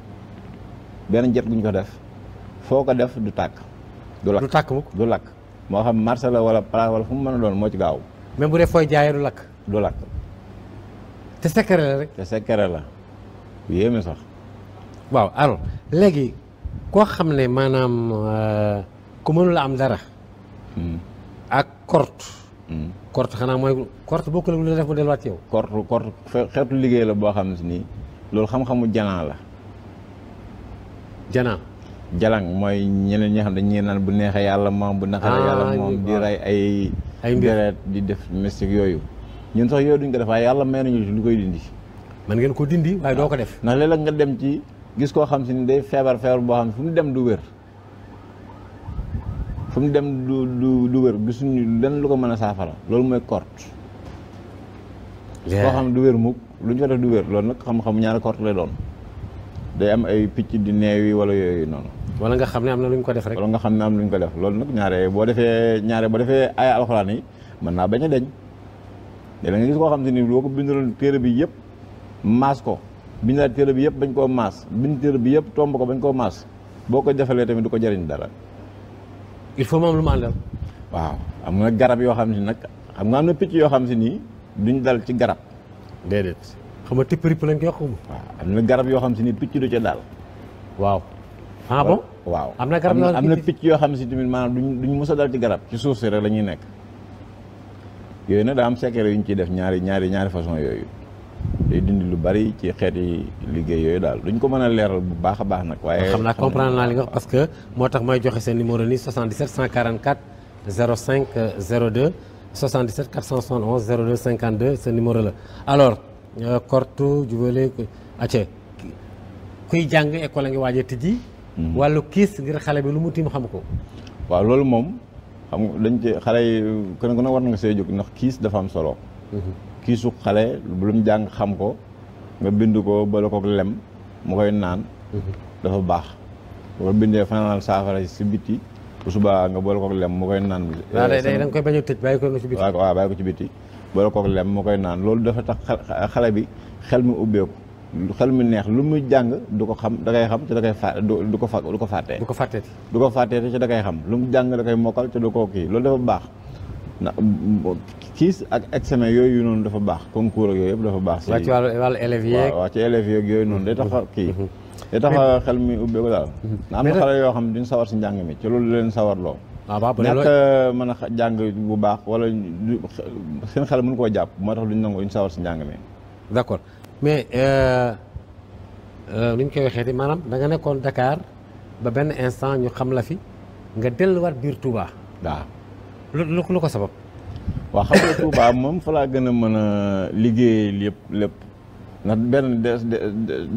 B: benn jet guñ ko def foo ko def du tàkk du lakk du tàkk mukk du lakk moo xam marché la wala place wala fu mu mën a doon moo ci gaaw même bu dee fooy jaayee du lakk du lakk te secret la rek te secret la yéeme sax
A: waaw léegi koo xam ne maanaam euh, ku mënul am
B: dara. Hmm. ak korte. korte hmm. xanaa mooy korte bokkul lu la def mu delluwaat yow. korte korte xeetu liggéey la boo xam ni loolu xam-xamu janaa la. janaa. jalang mooy ñeneen ñi xam dañuy bu neexee yàlla moom bu naqaree ah, yàlla moom di rey ay. Ah, ay deret di def mystique yooyu. ñun sax yooyu duñ ko def waaye yàlla may nañu lu koy dindi. man ngeen ko dindi waaye doo ah. ko def. ndax léeg nga dem ci. gis koo xam si ni day feebar feebar boo xam fu mu dem du wér fu mu dem du du du wér len lu ko mën a saafara loolu mooy kort koo xam du wér mukk lu ñu du wér loolu nag xam-xam ñaari doon day am ay picc di neew wala yooyu noonu wala nga xam ne am na lu ñu ko def rek wala nga xam ne am lu ñu ko def loolu nag ñaare boo defee ñaare boo defee ay alxuraan yi mën naa bañ a deñ da nga gis koo xam si ni boo ko bindaloon téere bi yëpp maas ko biñ la téere bi yëpp bañ koo maas biñ téere bi yëpp tomb ko bañ koo maas boo ko defalee tamit du ko jëriñ dara. il faut moom lu ma waaw am na garab yoo xam ne nag xam nga am na picc yoo xam si nii duñ dal ci garab. déedéet. xam nga tipp ripp lañ koy wax. waaw am na garab yoo xam si ni picc du ca daal. waaw. ah bon waaw am na garab yoo am na picc yoo xam si tamit maanaam duñ duñ mos a dal ci garab. ci suuf si rek la ñuy nekk yooyu nag daa am secret yu ñu ciy def ñaari ñaari ñaari façon yooyu. day lu bari ci xeeti liggéey yooyu daal duñ ko mën a leeral bu baax a baax nag. waaye xam naa comprendre
A: naa li nga wax parce que moo tax may joxe seen numéro nii 77 144 05 02 77 471 02 52 seen numéro la alors euh, Kortu jubale acce kuy jàng école a ngi waaj a tijji. Hmm. wàllu kiis ngir xale bi lu mu tiim xam ko.
B: waaw loolu moom xam dañ ci xale yi kon nag war na nga see jóg ndax kiis dafa am solo. Hmm. kii kiisu xale lu mu jàng xam ko nga bind ko bala ko lem mu koy naan dafa baax boo bindee fanaan saafara si biti bu subaa nga boole kook lem mu koy naan waaw ah, da nga koy
A: bañ a tëj bàyyi ko ci biti
B: waaw bàyyi ko ci biti boole lem mu koy naan loolu dafa tax xale bi xel mi ubbeeku xel mi neex lu muy jàng du ko xam da koy xam te da koy fa du ko fa du ko fàttee du ko fàtteeti ko fàtteeti te da koy xam lu mu jàng da koy mokkal te du ko kii loolu dafa baax na kiis ak examen yooyu noonu dafa baax concours ak yooyu yëpp dafa baax. si ci wàllu wàllu élèves yeeg waaw ci élèves yeeg yooyu noonu day tax a kii. Mm-hmm. day tax a xel mi ubbeeku daal. Mm-hmm. na am na xale yoo xam ne duñ sawar si njàng mi ci loolu leen sawar loo. Ah, waaw ñàkk mën a jàng bu baax wala seen xel mënu koo jàpp moo tax duñ nangu duñ sawar si njàng mi.
A: d'accord mais euh, euh, ni ñu koy waxee ti maanaam da nga nekkoon Dakar ba benn instant ñu xam la fi nga delluwaat biir Touba.
B: waaw. lu lu ko sabab. waaw xam nga Touba moom fa laa gën a mën a liggéey lépp lépp na benn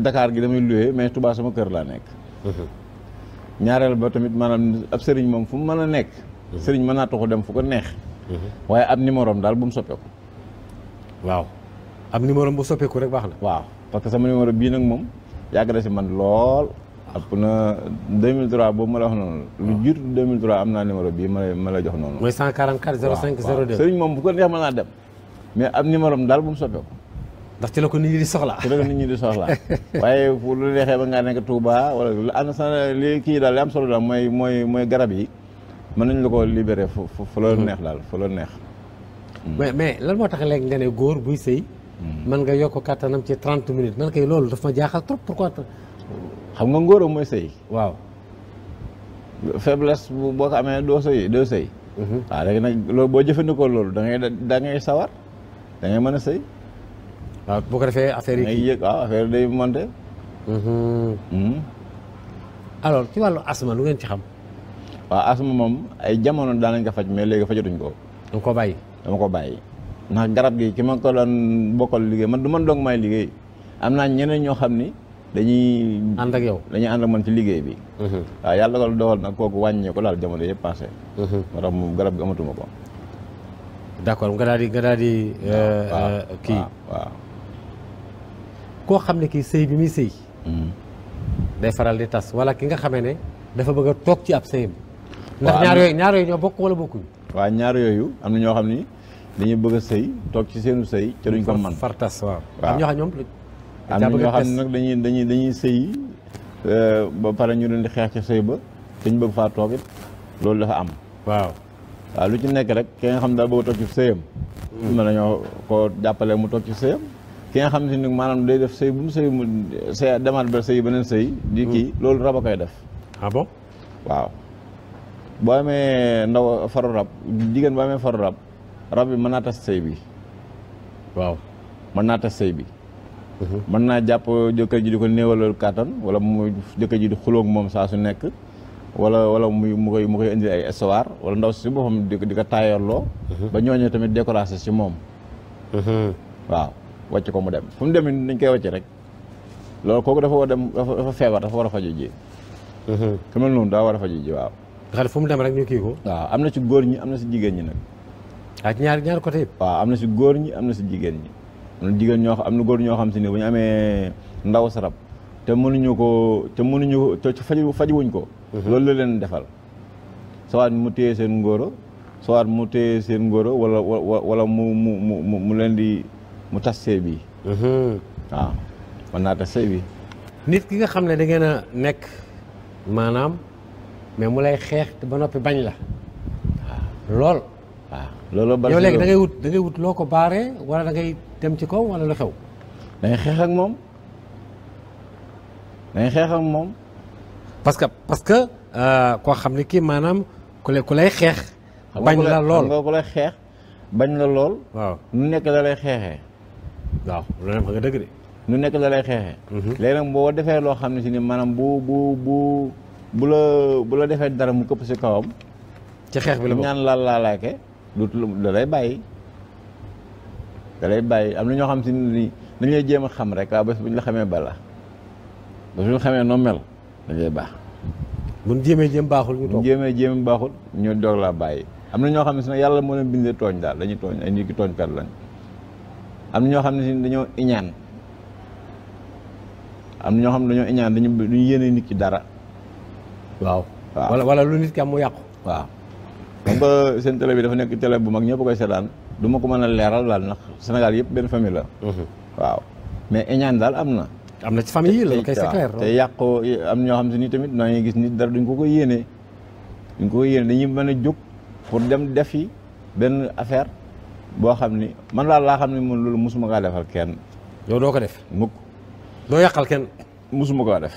B: Dakar gi damay loué mais Touba sama kër laa nekk. Mhm. ñaareel ba tamit maanaam ab sëriñ moom fu mu mën a nekk. Mhm. sëriñ mën naa taxu dem fu ko neex. Mhm. waaye ab numéro daal bu mu soppeeku. waaw ab numéro bu soppeeku rek baax na. waaw parce que sama numéro bii nag moom yàgg na si man lool. ëpp na 2003 boobu ma la wax noonu. lu jiitu 2003 am naa numéro bii ma la ma la jox noonu. mooy 144 05 02. sëriñ moom bu ko neex mën naa dem. mais am numéro am daal bu mu soppeeku. ndax ci la ko nit ñi di soxlaa. ci la ko nit ñi di soxlaa waaye pour lu ba ngaa kii daal am solo daal mooy mooy mooy garab yi mën nañ la ko libere fu fu la neex daal fu la neex. Hmm.
A: mais mais lan moo tax léegi nga ne góor buy sëy. man hmm. nga yokk kattanam ci 30 minutes man kay loolu daf ma jaaxal trop pourquoi.
B: xam nga ngóora mooy sëy waaw faiblesse boo ko amee doo sëy doo sëy mm-hmm. waa léegi nag loolu boo jëfandikoo loolu da ngay da sawar dangay mën a sëy waaw boo ko defee affaire yi ngay yëg waaw affaire day monté mm-hmm. hmm. alors ci wàllu asma lu ngeen ci xam waaw asma moom ay jamono daan nañ ko faj mais léegi fajatuñ ko dama ko bàyyi dama ko bàyyi ndax garab gi ki ma ko doon bokkal liggéey man du man dong may liggéey am naa ñeneen ñoo xam ni dañuy ànd ak yow dañuy ànd ak man ci liggéey bi mhm. waaw yàlla dogal dogal nag kooku wàññee ko daal jamono yëpp passé mhm. moo tax moom garab gi amatuma ko d'accord nga daal di nga daal di euh,
A: euh, xam ne kii sëy bi muy sëy mhm. day faral di tas wala ki nga xame ne dafa bëgg a toog ci ab sëyam ndax ñaar yooyu ñoo bokk wala bokkuñu
B: waaw ñaar yooyu am na ñoo xam ni dañuy bëgg a sëy toog ci seenu sëy ca duñ ko man far tas waaw am ñoo xam ñoom am na ñoo xam ne nag dañuy dañuy dañuy sëyi euh, ba pare ñu leen di xeex ci sëy ba te ñu bëgg faa toog loolu dafa am. waaw waaw lu ci nekk rek ki nga xam daa bëgg a toog ci sëyam. mën hmm. nañoo koo jàppale mu ci sëyam. ki nga xam ne nag maanaam day def sëy bu mu sëy mu sëy demaat ba sëy beneen sëy. di hmm. kii loolu rab a koy def. ah bon waaw. boo amee ndaw faru rab jigéen boo amee faru rab rab bi mën naa tas sëy bi. waaw mën naa tas sëy bi. mën naa jàpp jëkkër ji di ko néewalal kàttan wala mu jëkkër ji di xuloog moom saa su nekk wala wala muy mu koy mu koy indil ay estowaar wala ndaw si boppam di di ko taayaloo mhm. ba ñooñu tamit décoration si moom mhm. waaw wàcc ko mu dem fu mu dem nañ koy wàcc rek loolu kooku dafa dem dafa feebar dafa war ji mhm. ku mel daa war a faj ji waaw xale fu mu dem rek ñu ko waaw am na si góor ñi am na si jigéen ñi nag ak ñaar ñaar côté yëpp waaw am na si góor ñi am na si jigéen ñi am na jigéen ñoo am na góor ñoo xam si ne bu ñu ndaw sarab te mënuñu ko te mënuñu te faju fajuwuñ ko mhm. loolu la leen defal soit mu seen ngóoro soit mu seen ngóoro wala wala mu mu mu leen di mu tas sëy bi mhm. waaw mën naa tas bi nit ki nga xam ne da
A: ngeen a nekk maanaam mais mu lay xeex ba noppi bañ la waaw lool waaw loolu yow léegi da wut da wut loo ko baaree wala da dem ci kaw wala lu xew. dañ xeex ak moom dañ xeex ak moom. parce que parce que euh, koo xam ne kii maanaam ku lay ku lay xeex. bañ la lool nga
B: ku xeex bañ la lool. waaw nekk da lay xeexee. waaw loolu yëpp nga dëgg nu nekk da lay xeexee. Mhm. léegi nag boo defee loo xam ne si ni maanaam bu bu bu bu la bu la defee dara mu këpp si kawam. ci xeex bi la ñaan laal laalaake du lay bàyyi. da lay bàyyi am na ñoo xam si ni dañ lay jéem a xam rek waaw bés bu la xamee bala bés xamee noo mel dañ lay baax. bu baaxul ñu toog bu ñu baaxul ñu doog laa bàyyi am na ñoo xam ne si nag yàlla moo leen bindee tooñ daal dañuy tooñ ay nit ki tooñ per ñoo xam ne dañoo iñaan am ñoo xam ne dañoo iñaan dañu duñu nit ki dara. waaw wala wala lu nit ki mu yàqu. waaw xam nga seen télé bi dafa nekk télé bu mag ñëpp koy seetaan. du ma ko mën a leeral daal ndax Sénégal yëpp benn famille la. Mhm. waaw mais éñaan daal am na. am na ci famille yi loolu kay c'est te yàq am ñoo xam si ni tamit naa ngi gis nit dara duñ ko ko yéenee duñ ko ko yéenee dañuy mën a jóg pour dem def defi benn affaire boo xam ni man daal laa xam ne man loolu mosuma kaa defal kenn. yow doo ko def. mukk doo yàqal kenn. mosuma kaa def.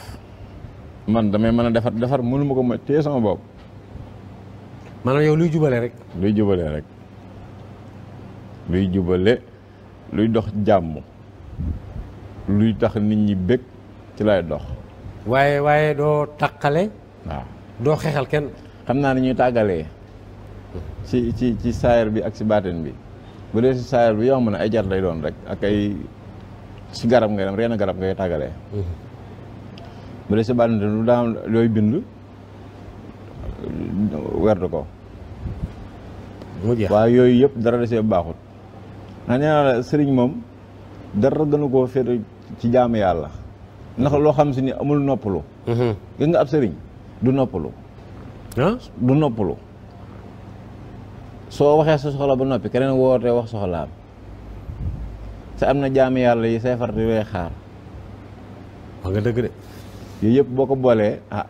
B: man damay mën a defar defar mënuma ko ma téye sama bopp. maanaam yow luy jubale rek. luy jubale rek. luy jubale luy dox jàmmu luy tax nit ñi bég ci lay dox. waaye waaye doo taqale. waaw doo xeexal kenn. xam naa ni ñuy tàggalee ci ci ci saayir bi ak si baatin bi bu dee si saayir bi yomb na ay jar lay doon rek ak ay si garab ngay dem reen garab ngay tàggalee. Mm-hmm. bu dee si baatin lu daan looy bind werdu ko. mu jeex yooyu yëpp dara da see baaxut. ndax nee la sëriñ moom dara gënu koo féete ci jaamu yàlla ndax loo xam si ni amul noppalu mhm. gis nga ab sëriñ du noppalu ah? du noppalu soo waxee sa soxla ba noppi keneen wootee wax soxlaam sa am na jaamu yàlla yi say far di lay xaar wax nga dëgg de yooyu yëpp boo ko boolee ah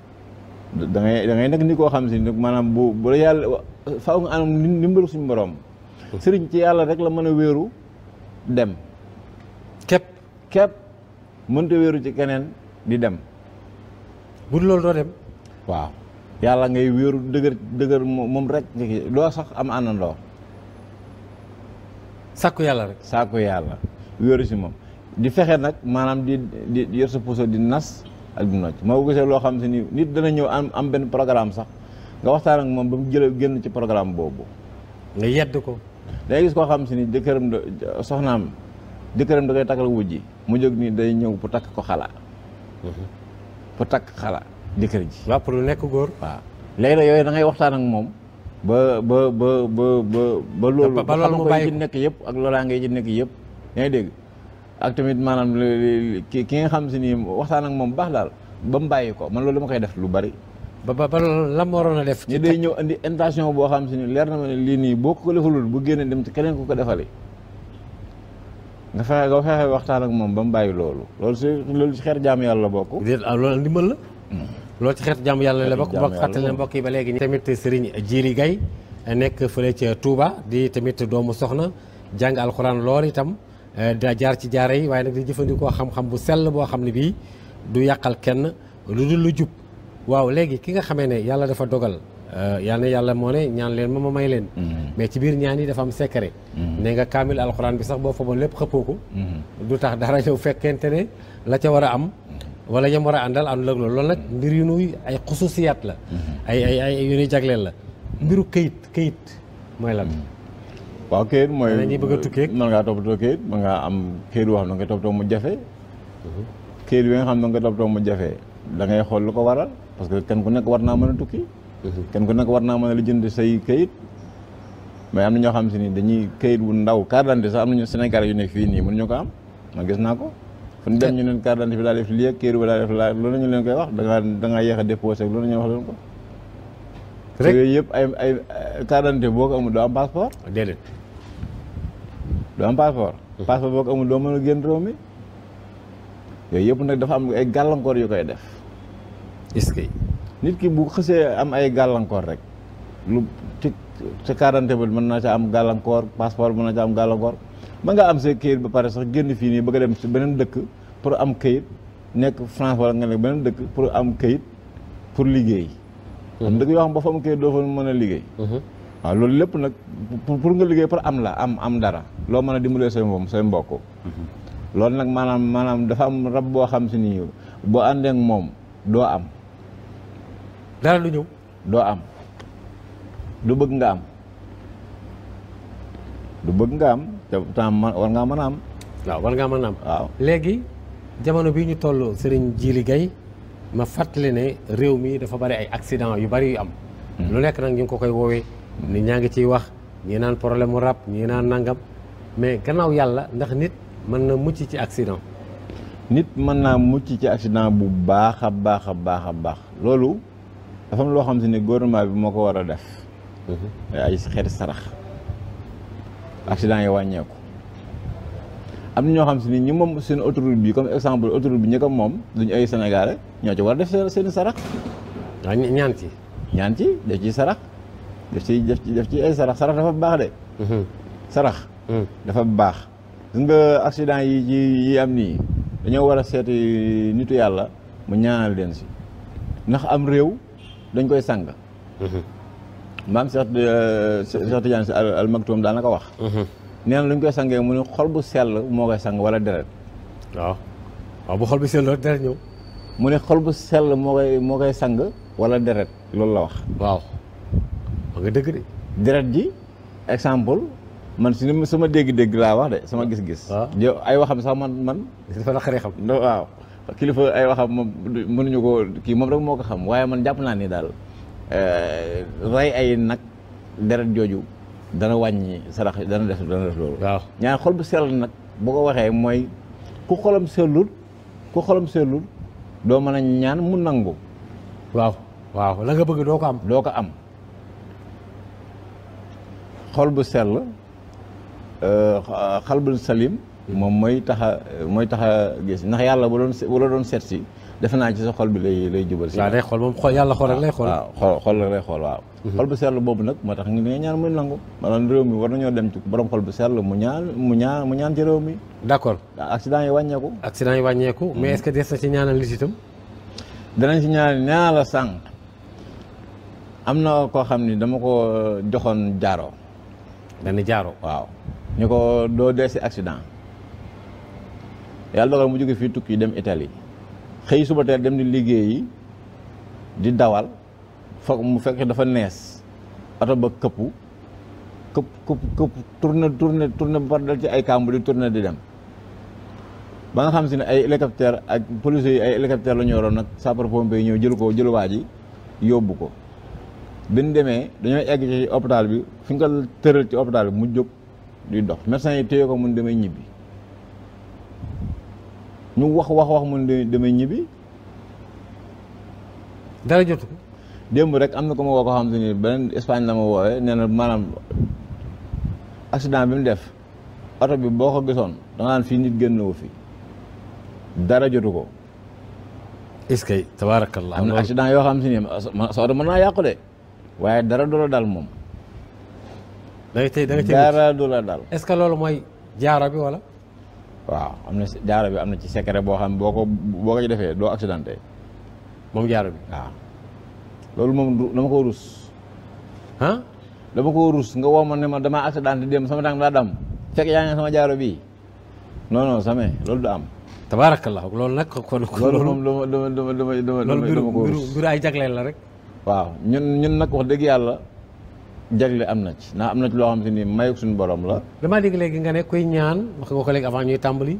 B: da ngay da ngay nekk ni koo xam si ni maanaam bu bu la yàlla faaw nga anam ndimbalu suñu borom sëriñ ci yàlla rek la mën a wéeru dem képp képp mënta wéeru ci keneen di dem bu loolu doo dem waaw yàlla ngay wéeru dëgër dëgër moom rek doo sax am àndandoo sàkku yàlla rek sàkku yàlla wéeru si moom di fexe nag maanaam di di yor sa puso di nas ak di nocc moo gisee loo xam si ni nit dana ñëw am am benn programme sax nga waxtaan ak moom ba mu jëlee génn ci programme boobu nga yedd ko day gis koo xam si ni jëkkëram da soxnaam jëkkëram da koy takkal ji mu jóg nii day ñëw pour takk ko xala
A: mm-hmm.
B: pour takk xala jëkkër ji waaw lu nekk góor waaw léegi nag yooyu da waxtaan ak moom ba ba ba ba ba ba loolu xam ko yi yëpp ak loolaa ngay ci nekk yëpp yaa ngi dégg ak tamit maanaam ki ki nga xam si ni waxtaan ak moom baax daal ba mu bàyyi ko man loolu dama koy def lu bari ba ba ba la waroon a def. ci day ñëw andi intention boo xam si ne leer na ma ne lii nii boo ko defalul bu génne dem ci keneen ku ko defalee. nga fexe waxtaan ak moom ba mu bàyyi loolu. loolu si loolu ci xeetu jaamu yàlla la bokk. déet ah loolu ndimbal la. Hmm. loolu ci xeetu
A: jaamu yàlla la bokk bokk fàttali mbokk
B: yi ba léegi. tamit Serigne Djily Gaye
A: nekk fële ca tuuba di tamit doomu soxna jàng alxuraan lool itam eh, da jaar ci jaare yi waaye nag di jëfandikoo xam-xam bu sell boo xam ne bii du yàqal kenn lu dul lu jub. waaw léegi ki nga xamee ne yàlla dafa dogal euh, yal na yàlla moo ne ñaan leen ma ma may leen mm-hmm. mais ci biir ñaan yi dafa am secret mm-hmm. ne nga kaamil alxuraan bi sax boo foboon lépp xëppoo ko mm-hmm. du tax dara ñëw fekkente ne la ca war a am wala ñam war a àndal àndul ak loolu mbir yu nuy ay xususiyaat la ay ay ay yu nuy jagleel la mbiru këyit këyit
B: mooy lan waaw këyit mooy dañuy bëgg a tukkee mën ngaa toppatoo këyit ngaa am këyit boo xam ne mu jafe këyit bi nga xam ne nga toppatoo mu jafe da ngay xool lu ko waral parce que kenn ku nekk war naa mën a tukki. Mhm. kenn ko nekk war naa mën a lijjanti say kayit. mais am na ñoo xam si ni dañuy kayit wu ndaw carte d'identité sax am ñu Sénégal yu nekk fii nii ñu ko am man gis naa ko. fu ñu dem ñu leen carte bi daal def lii ak kayit laa loolu ñu leen koy wax a déposé ak loolu ñu wax leen ko. rek yëpp ay ay carte d'identité boo ko amul doo am passeport. déedéet. doo am passeport. Mhm. mën a génn yëpp nag dafa am ay gàllankoor yu koy def. est-ce nit ki bu xësee am ay gàllankoor rek lu ci sa carte bi mën na ca am gàllankoor passeport mën na ca am gàllankoor ba nga am sa këyit ba pare sax génn fii nii bëgg a dem si beneen dëkk pour am këyit nekk France wala nga dëkk pour am këyit pour liggéey. kon dëkk yoo xam ba fa am këyit doo fa mën a liggéey. Mhm. waaw loolu lépp nag pour nga liggéey pour am la am am dara loo mën a dimbalee say moom say mbokk. Mhm. loolu nag maanaam maanaam dafa am rab boo xam si nii boo àndee moom doo am. dara lu ñëw. doo am du bëgg nga am lu bëgg nga am te temps war ngaa mën a am. waaw war ngaa mën a am. waaw léegi jamono bii ñu toll sëriñ Djily Gaye
A: ma fàttali ne réew mi dafa bari ay accident yu bari yu am. Hmm. lu nekk nag ñu ko koy woowee. ni ñaa ngi ciy wax ñii naan problème mu rab ñii naan nangam mais gannaaw yàlla ndax nit
B: mën na mucc ci accident. nit mën naa mucc ci accident bu baax a baax baax a baax loolu. dafa am loo xam si ne gouvernement bi moo ko war a def. Mhm. ay xeeti sarax. accident yi wàññeeku. am na ñoo xam si ni ñi moom seen autoroute bi comme exemple autoroute bi ñi ko moom duñu ay Sénégalais ñoo ci war a def seen seen sarax. waaw ah, ñaan ci. ñaan ci def ci sarax def ci def ci def ci ay sarax dafa baax de. Mhm. sarax. Mhm. dafa baax. gis nga accident yi yi yi am nii dañoo war a seeti nitu yàlla mu ñaanal leen si ndax am réew. dañ koy sang. Mhm. maam euh, Cheikh Cheikh Tidiane si al Maktoum daan na ko wax. Mhm. nee na koy sangee mu ne xol bu sell moo koy sang wala deret. waaw xol bu sell rek deret mu ne xol bu sell moo koy moo koy sang wala deret loolu la wax. waaw wax nga dëgg de. deret ji exemple man si sama dégg-dégg laa wax de sama gis-gis. waaw ah. ay waxam sax man man. dafa la xaree xam waaw. kilifa ay waxam moom mënuñu ko kii moom rek moo ko xam waaye man jàpp naa ni daal eh, rey ay nag deret jooju dana wàññi sarax dana def dana def loolu. waaw ñaar xol bu sel nag boo ko waxee mooy ku xolam sellul ku xolam sellul doo mën a ñaan mu nangu. waaw waaw la nga bëgg doo ko am. doo ko am xol bu sell eh, xal bu salim. moom mooy tax a mooy tax a gis ndax yàlla bu doon bu la doon seet si def naa ci sa xol bi lay lay jubal si waaw xool moom yàlla xool rek lay xool waaw xool xool rek lay xool waaw mhm. xol bu seetlu boobu nag moo tax ngi nga ñaan muy nangu maanaam réew mi war ñoo dem ci borom xol bu seetlu mu ñaan mu ñaan mu ñaan ci réew mi d' accord accident yi wàññeeku accident yi wàññeeku mhm. mais est ce que des na ci ñaanal li itam danañ ci ñaanal ñaanal la sànq am na koo xam ni dama ko euh, joxoon jaaro benn jaaro waaw ñu ko doo dee si accident yàlla dogal mu jóge fii tukki dem Italie xëy suba teel dem di liggéeyi di dawal foog mu fekk dafa nees oto ba këpp këpp këpp këpp tourné tourné tourné ba dal ci ay kàmb di tourné di dem ba nga xam si ne ay hélicoptère ak police yi ay hélicoptère la ñu yoroon nag sapeur pompier ñëw jël ko jël waa ji yóbbu ko bi demee dañoo egg ci hôpital bi fi nga ko tëral ci hôpital bi mu jóg di dox médecin yi téye ko mun demee ñibbi ñu wax wax wax mun ne damay ñibbi. dara jotu ko. démb rek am na ko ma woo ko xam te ni beneen Espagne la ma woowee nee na maanaam accident bi mu def oto bi boo ko gisoon da nga naan fii nit génn wu fi dara jotu ko. est-ce que tabaarakallah am na accident yoo xam si ne sa oto mën naa yàqu de waaye dara du la dal moom. da ngay tey da nga dara du la dal. est-ce que loolu mooy jaaro bi wala. waaw am na jaaro bi am na ci secret boo xam boo ko boo ko ci defee doo accidenté moom jaaro bi waaw loolu moom dama ko dama ko rus nga woo ma ne ma damaa accidenté dem sama tànk daa dam fekk yaa ngi sama jaaro bii non non loolu du am tabaarakallah loolu nag kon loolu moom dama dama dama dama dama dama ko rus loolu mbiru ay jagleel la rek waaw ñun ñun nag wax dëgg yàlla jagle am na ci ndax am na ci loo xam te ni mayu suñu borom la. dama dégg léegi nga ne kuy ñaan wax nga ko léegi avant
A: ñuy tàmbali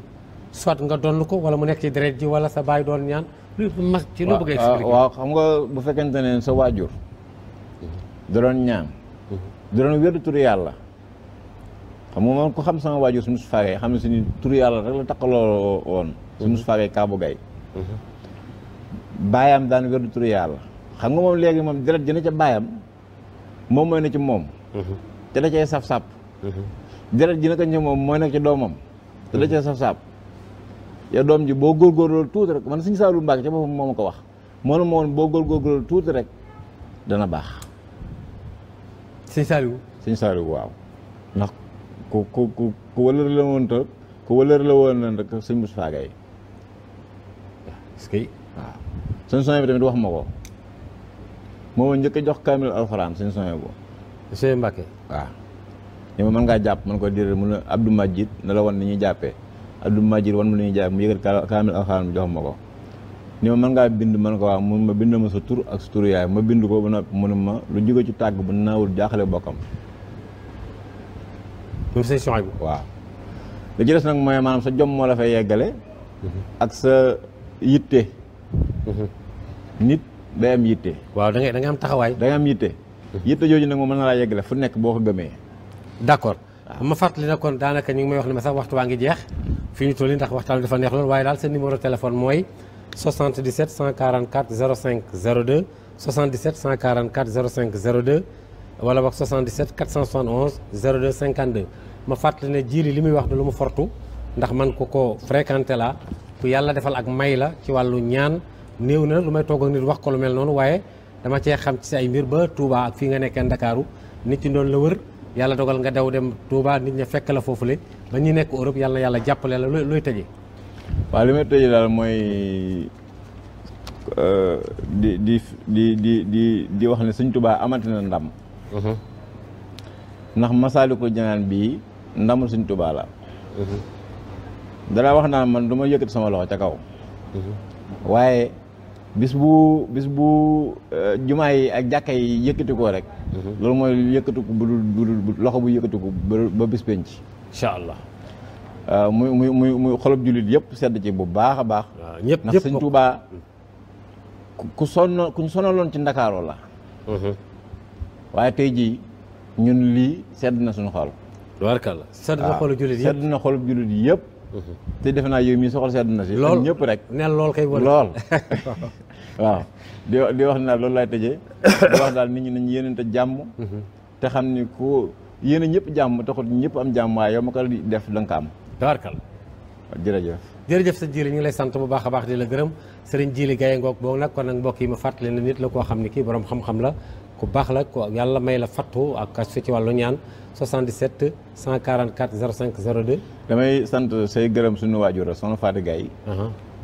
A: soit nga donn ko wala mu nekk ci deret ji wala sa baay doon ñaan lu mag ci loo bëgg waaw
B: xam nga bu fekkente ne sa waajur. da doon ñaan. da doon wér turu xam nga xam sama waajur suñu su faagee xam ne suñu turu rek la takkaloo woon. suñu su faagee kaabu daan wér turu yàlla. xam nga moom léegi moom deret ji na ca baayam. moom mooy na ci moom mhm. te da cee saf-sàpp mhm. deret ji naka ci moom mooy nekk ci doomam te da mhm. saf-sàpp yow doom ji boo góorgóorlu tuuti rek man suñu saalum Mbàkke moo ma ko wax moo ma boo góorgóorlu tuuti rek dana baax sëñ Saliou sëñ Saliou waaw ndax ku ku ku ku wëlër la woon te ku wëlër na rek sëñ Moussa Gaye est-ce que waaw bi tamit wax ma ko moo njëkk a jox kaamil alxuraan suñu soñe bo sëñ Mbacke waaw ni ma mën ngaa jàpp man ko dir mun a Abdou Majid na la wan ni ñuy jàppee Abdou Majid wan mu la ñuy jàpp mu yëkkat mu ko ni ma bind man ko waaw mun bind ma sa tur ak sa ma bind ko ba noppi mun ma lu jóge ci tàgg bu naawul jaaxale bokkam moom sëñ soñe bu waaw li ci nag mooy maanaam sa jom moo la fay yeggale mhm. ak sa yitte mhm. nit day am yitte. waaw da ngay am taxawaay. da nga am yitte yitte jooju nag moom mën na laa la fu nekk boo ko gëmee. d'accord ma fàttali na kon daanaka ñu ngi may wax ne ma sax waxtu waa ngi jeex
A: fi ñu toll nii ndax waxtaan dafa neex lool waaye daal seen numéro téléphone mooy 77 144 05 02 77 144 05 02 wala wax 77 471 02 52 ma fàttali ne jiiri li muy wax ne lu mu fortu ndax man ku ko fréquenté la ku yàlla defal ak may la ci wàllu ñaan. néew na lu may toog ak nit wax ko lu mel noonu waaye dama cee xam ci ay mbir ba Touba ak fii nga nekkee Ndakaaru nit ci doon la wër yàlla dogal nga daw dem Touba nit ña fekk la foofule ba ñi nekk Europe yàlla yàlla jàppale
B: la looy tëjee. waaw li may tëjee daal mooy euh, di di di di di di wax ne Sëñ tubaa amati na ndam. Mhm. ndax Masaalikul Jinaan bii ndamul Sëñ Touba la. Mhm. dara wax naa man du ma yëkkati sama loxo ca kaw. Mhm. waaye. bis bu bis bu eh, jumaa yi ak jàkka yi yëkkatikoo rek. Mhm. loolu mooy yëkkatiku bu bu dul loxo bu yëkkatiku ba bis penc. incha eh, muy muy muy muy xolub jullit yëpp sedd ci bu baax a baax. ñëpp ndax sëñ Tuubaa ku sonn ku sonaloon ci Ndakaaroo la. Mhm. waaye tey jii ñun lii sedd na suñu xol. warkal sedd na xolub jullit yëpp na xolub jullit yëpp. te defe naa yow mii soxal sedd na si. lool ñëpp rek. nel lool kay lool. waaw di di wax naa loolu laay tëjee di wax daal nit ñi nañ yéenante jàmm mhm. te xam ni ku yéen a ñëpp jàmm taxul ñëpp am jàmm waaye yow ma ko def da nga ko am tabarkal jërëjëf jërëjëf sa jili ñu lay sant bu baax a baax di la gërëm sëriñ jili gaye ngoog boobu nag kon nag
A: mbokk yi ma fàttali na nit la koo xam ne kii boroom xam-xam la ku baax la ko yàlla may la fattu ak su ci wàllu ñaan 77
B: 144 05 02 damay sant say gërëm suñu waajur soxna Fatou Gaye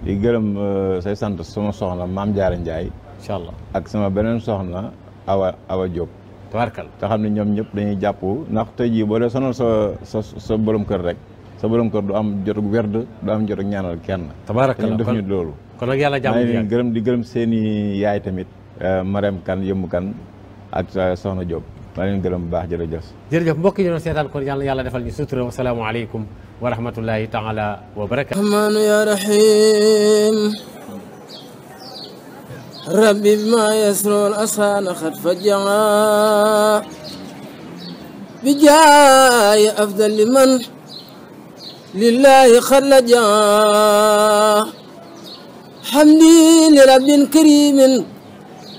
B: di gërëm euh, say sant sama soxna maam Jaara Njaay incha allah ak sama beneen soxna Awa Awa Diop. tabarkal te xam ne ñoom ñëpp dañuy jàpp ndax tey jii boo dee sonal sa sa sa borom kër rek sa borom kër du am jotug werd du am jotug ñaanal kenn. tabarkal kon def ñu loolu.
A: kon nag yàlla jàmm di
B: gërëm di gërëm seen i yaay tamit. Euh, Marème Kane Yëmb Kane ak soxna Diop. maa leen gërëm bu baax jërëjëf.
A: jërëjëf mbokk yi ñu doon seetaan kon yàlla defal ñu sutura wa salaamu aleykum wa rahmatullahi taala wa barakatu rahmanu ya rahim rabbi bima yasrul asana xat fajaa bi jaay afdal liman lillahi xalajaa حمدي لرب كريم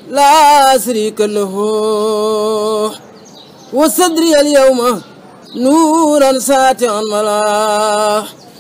A: لا شريك له وصدري اليوم nuuran saati'an malaa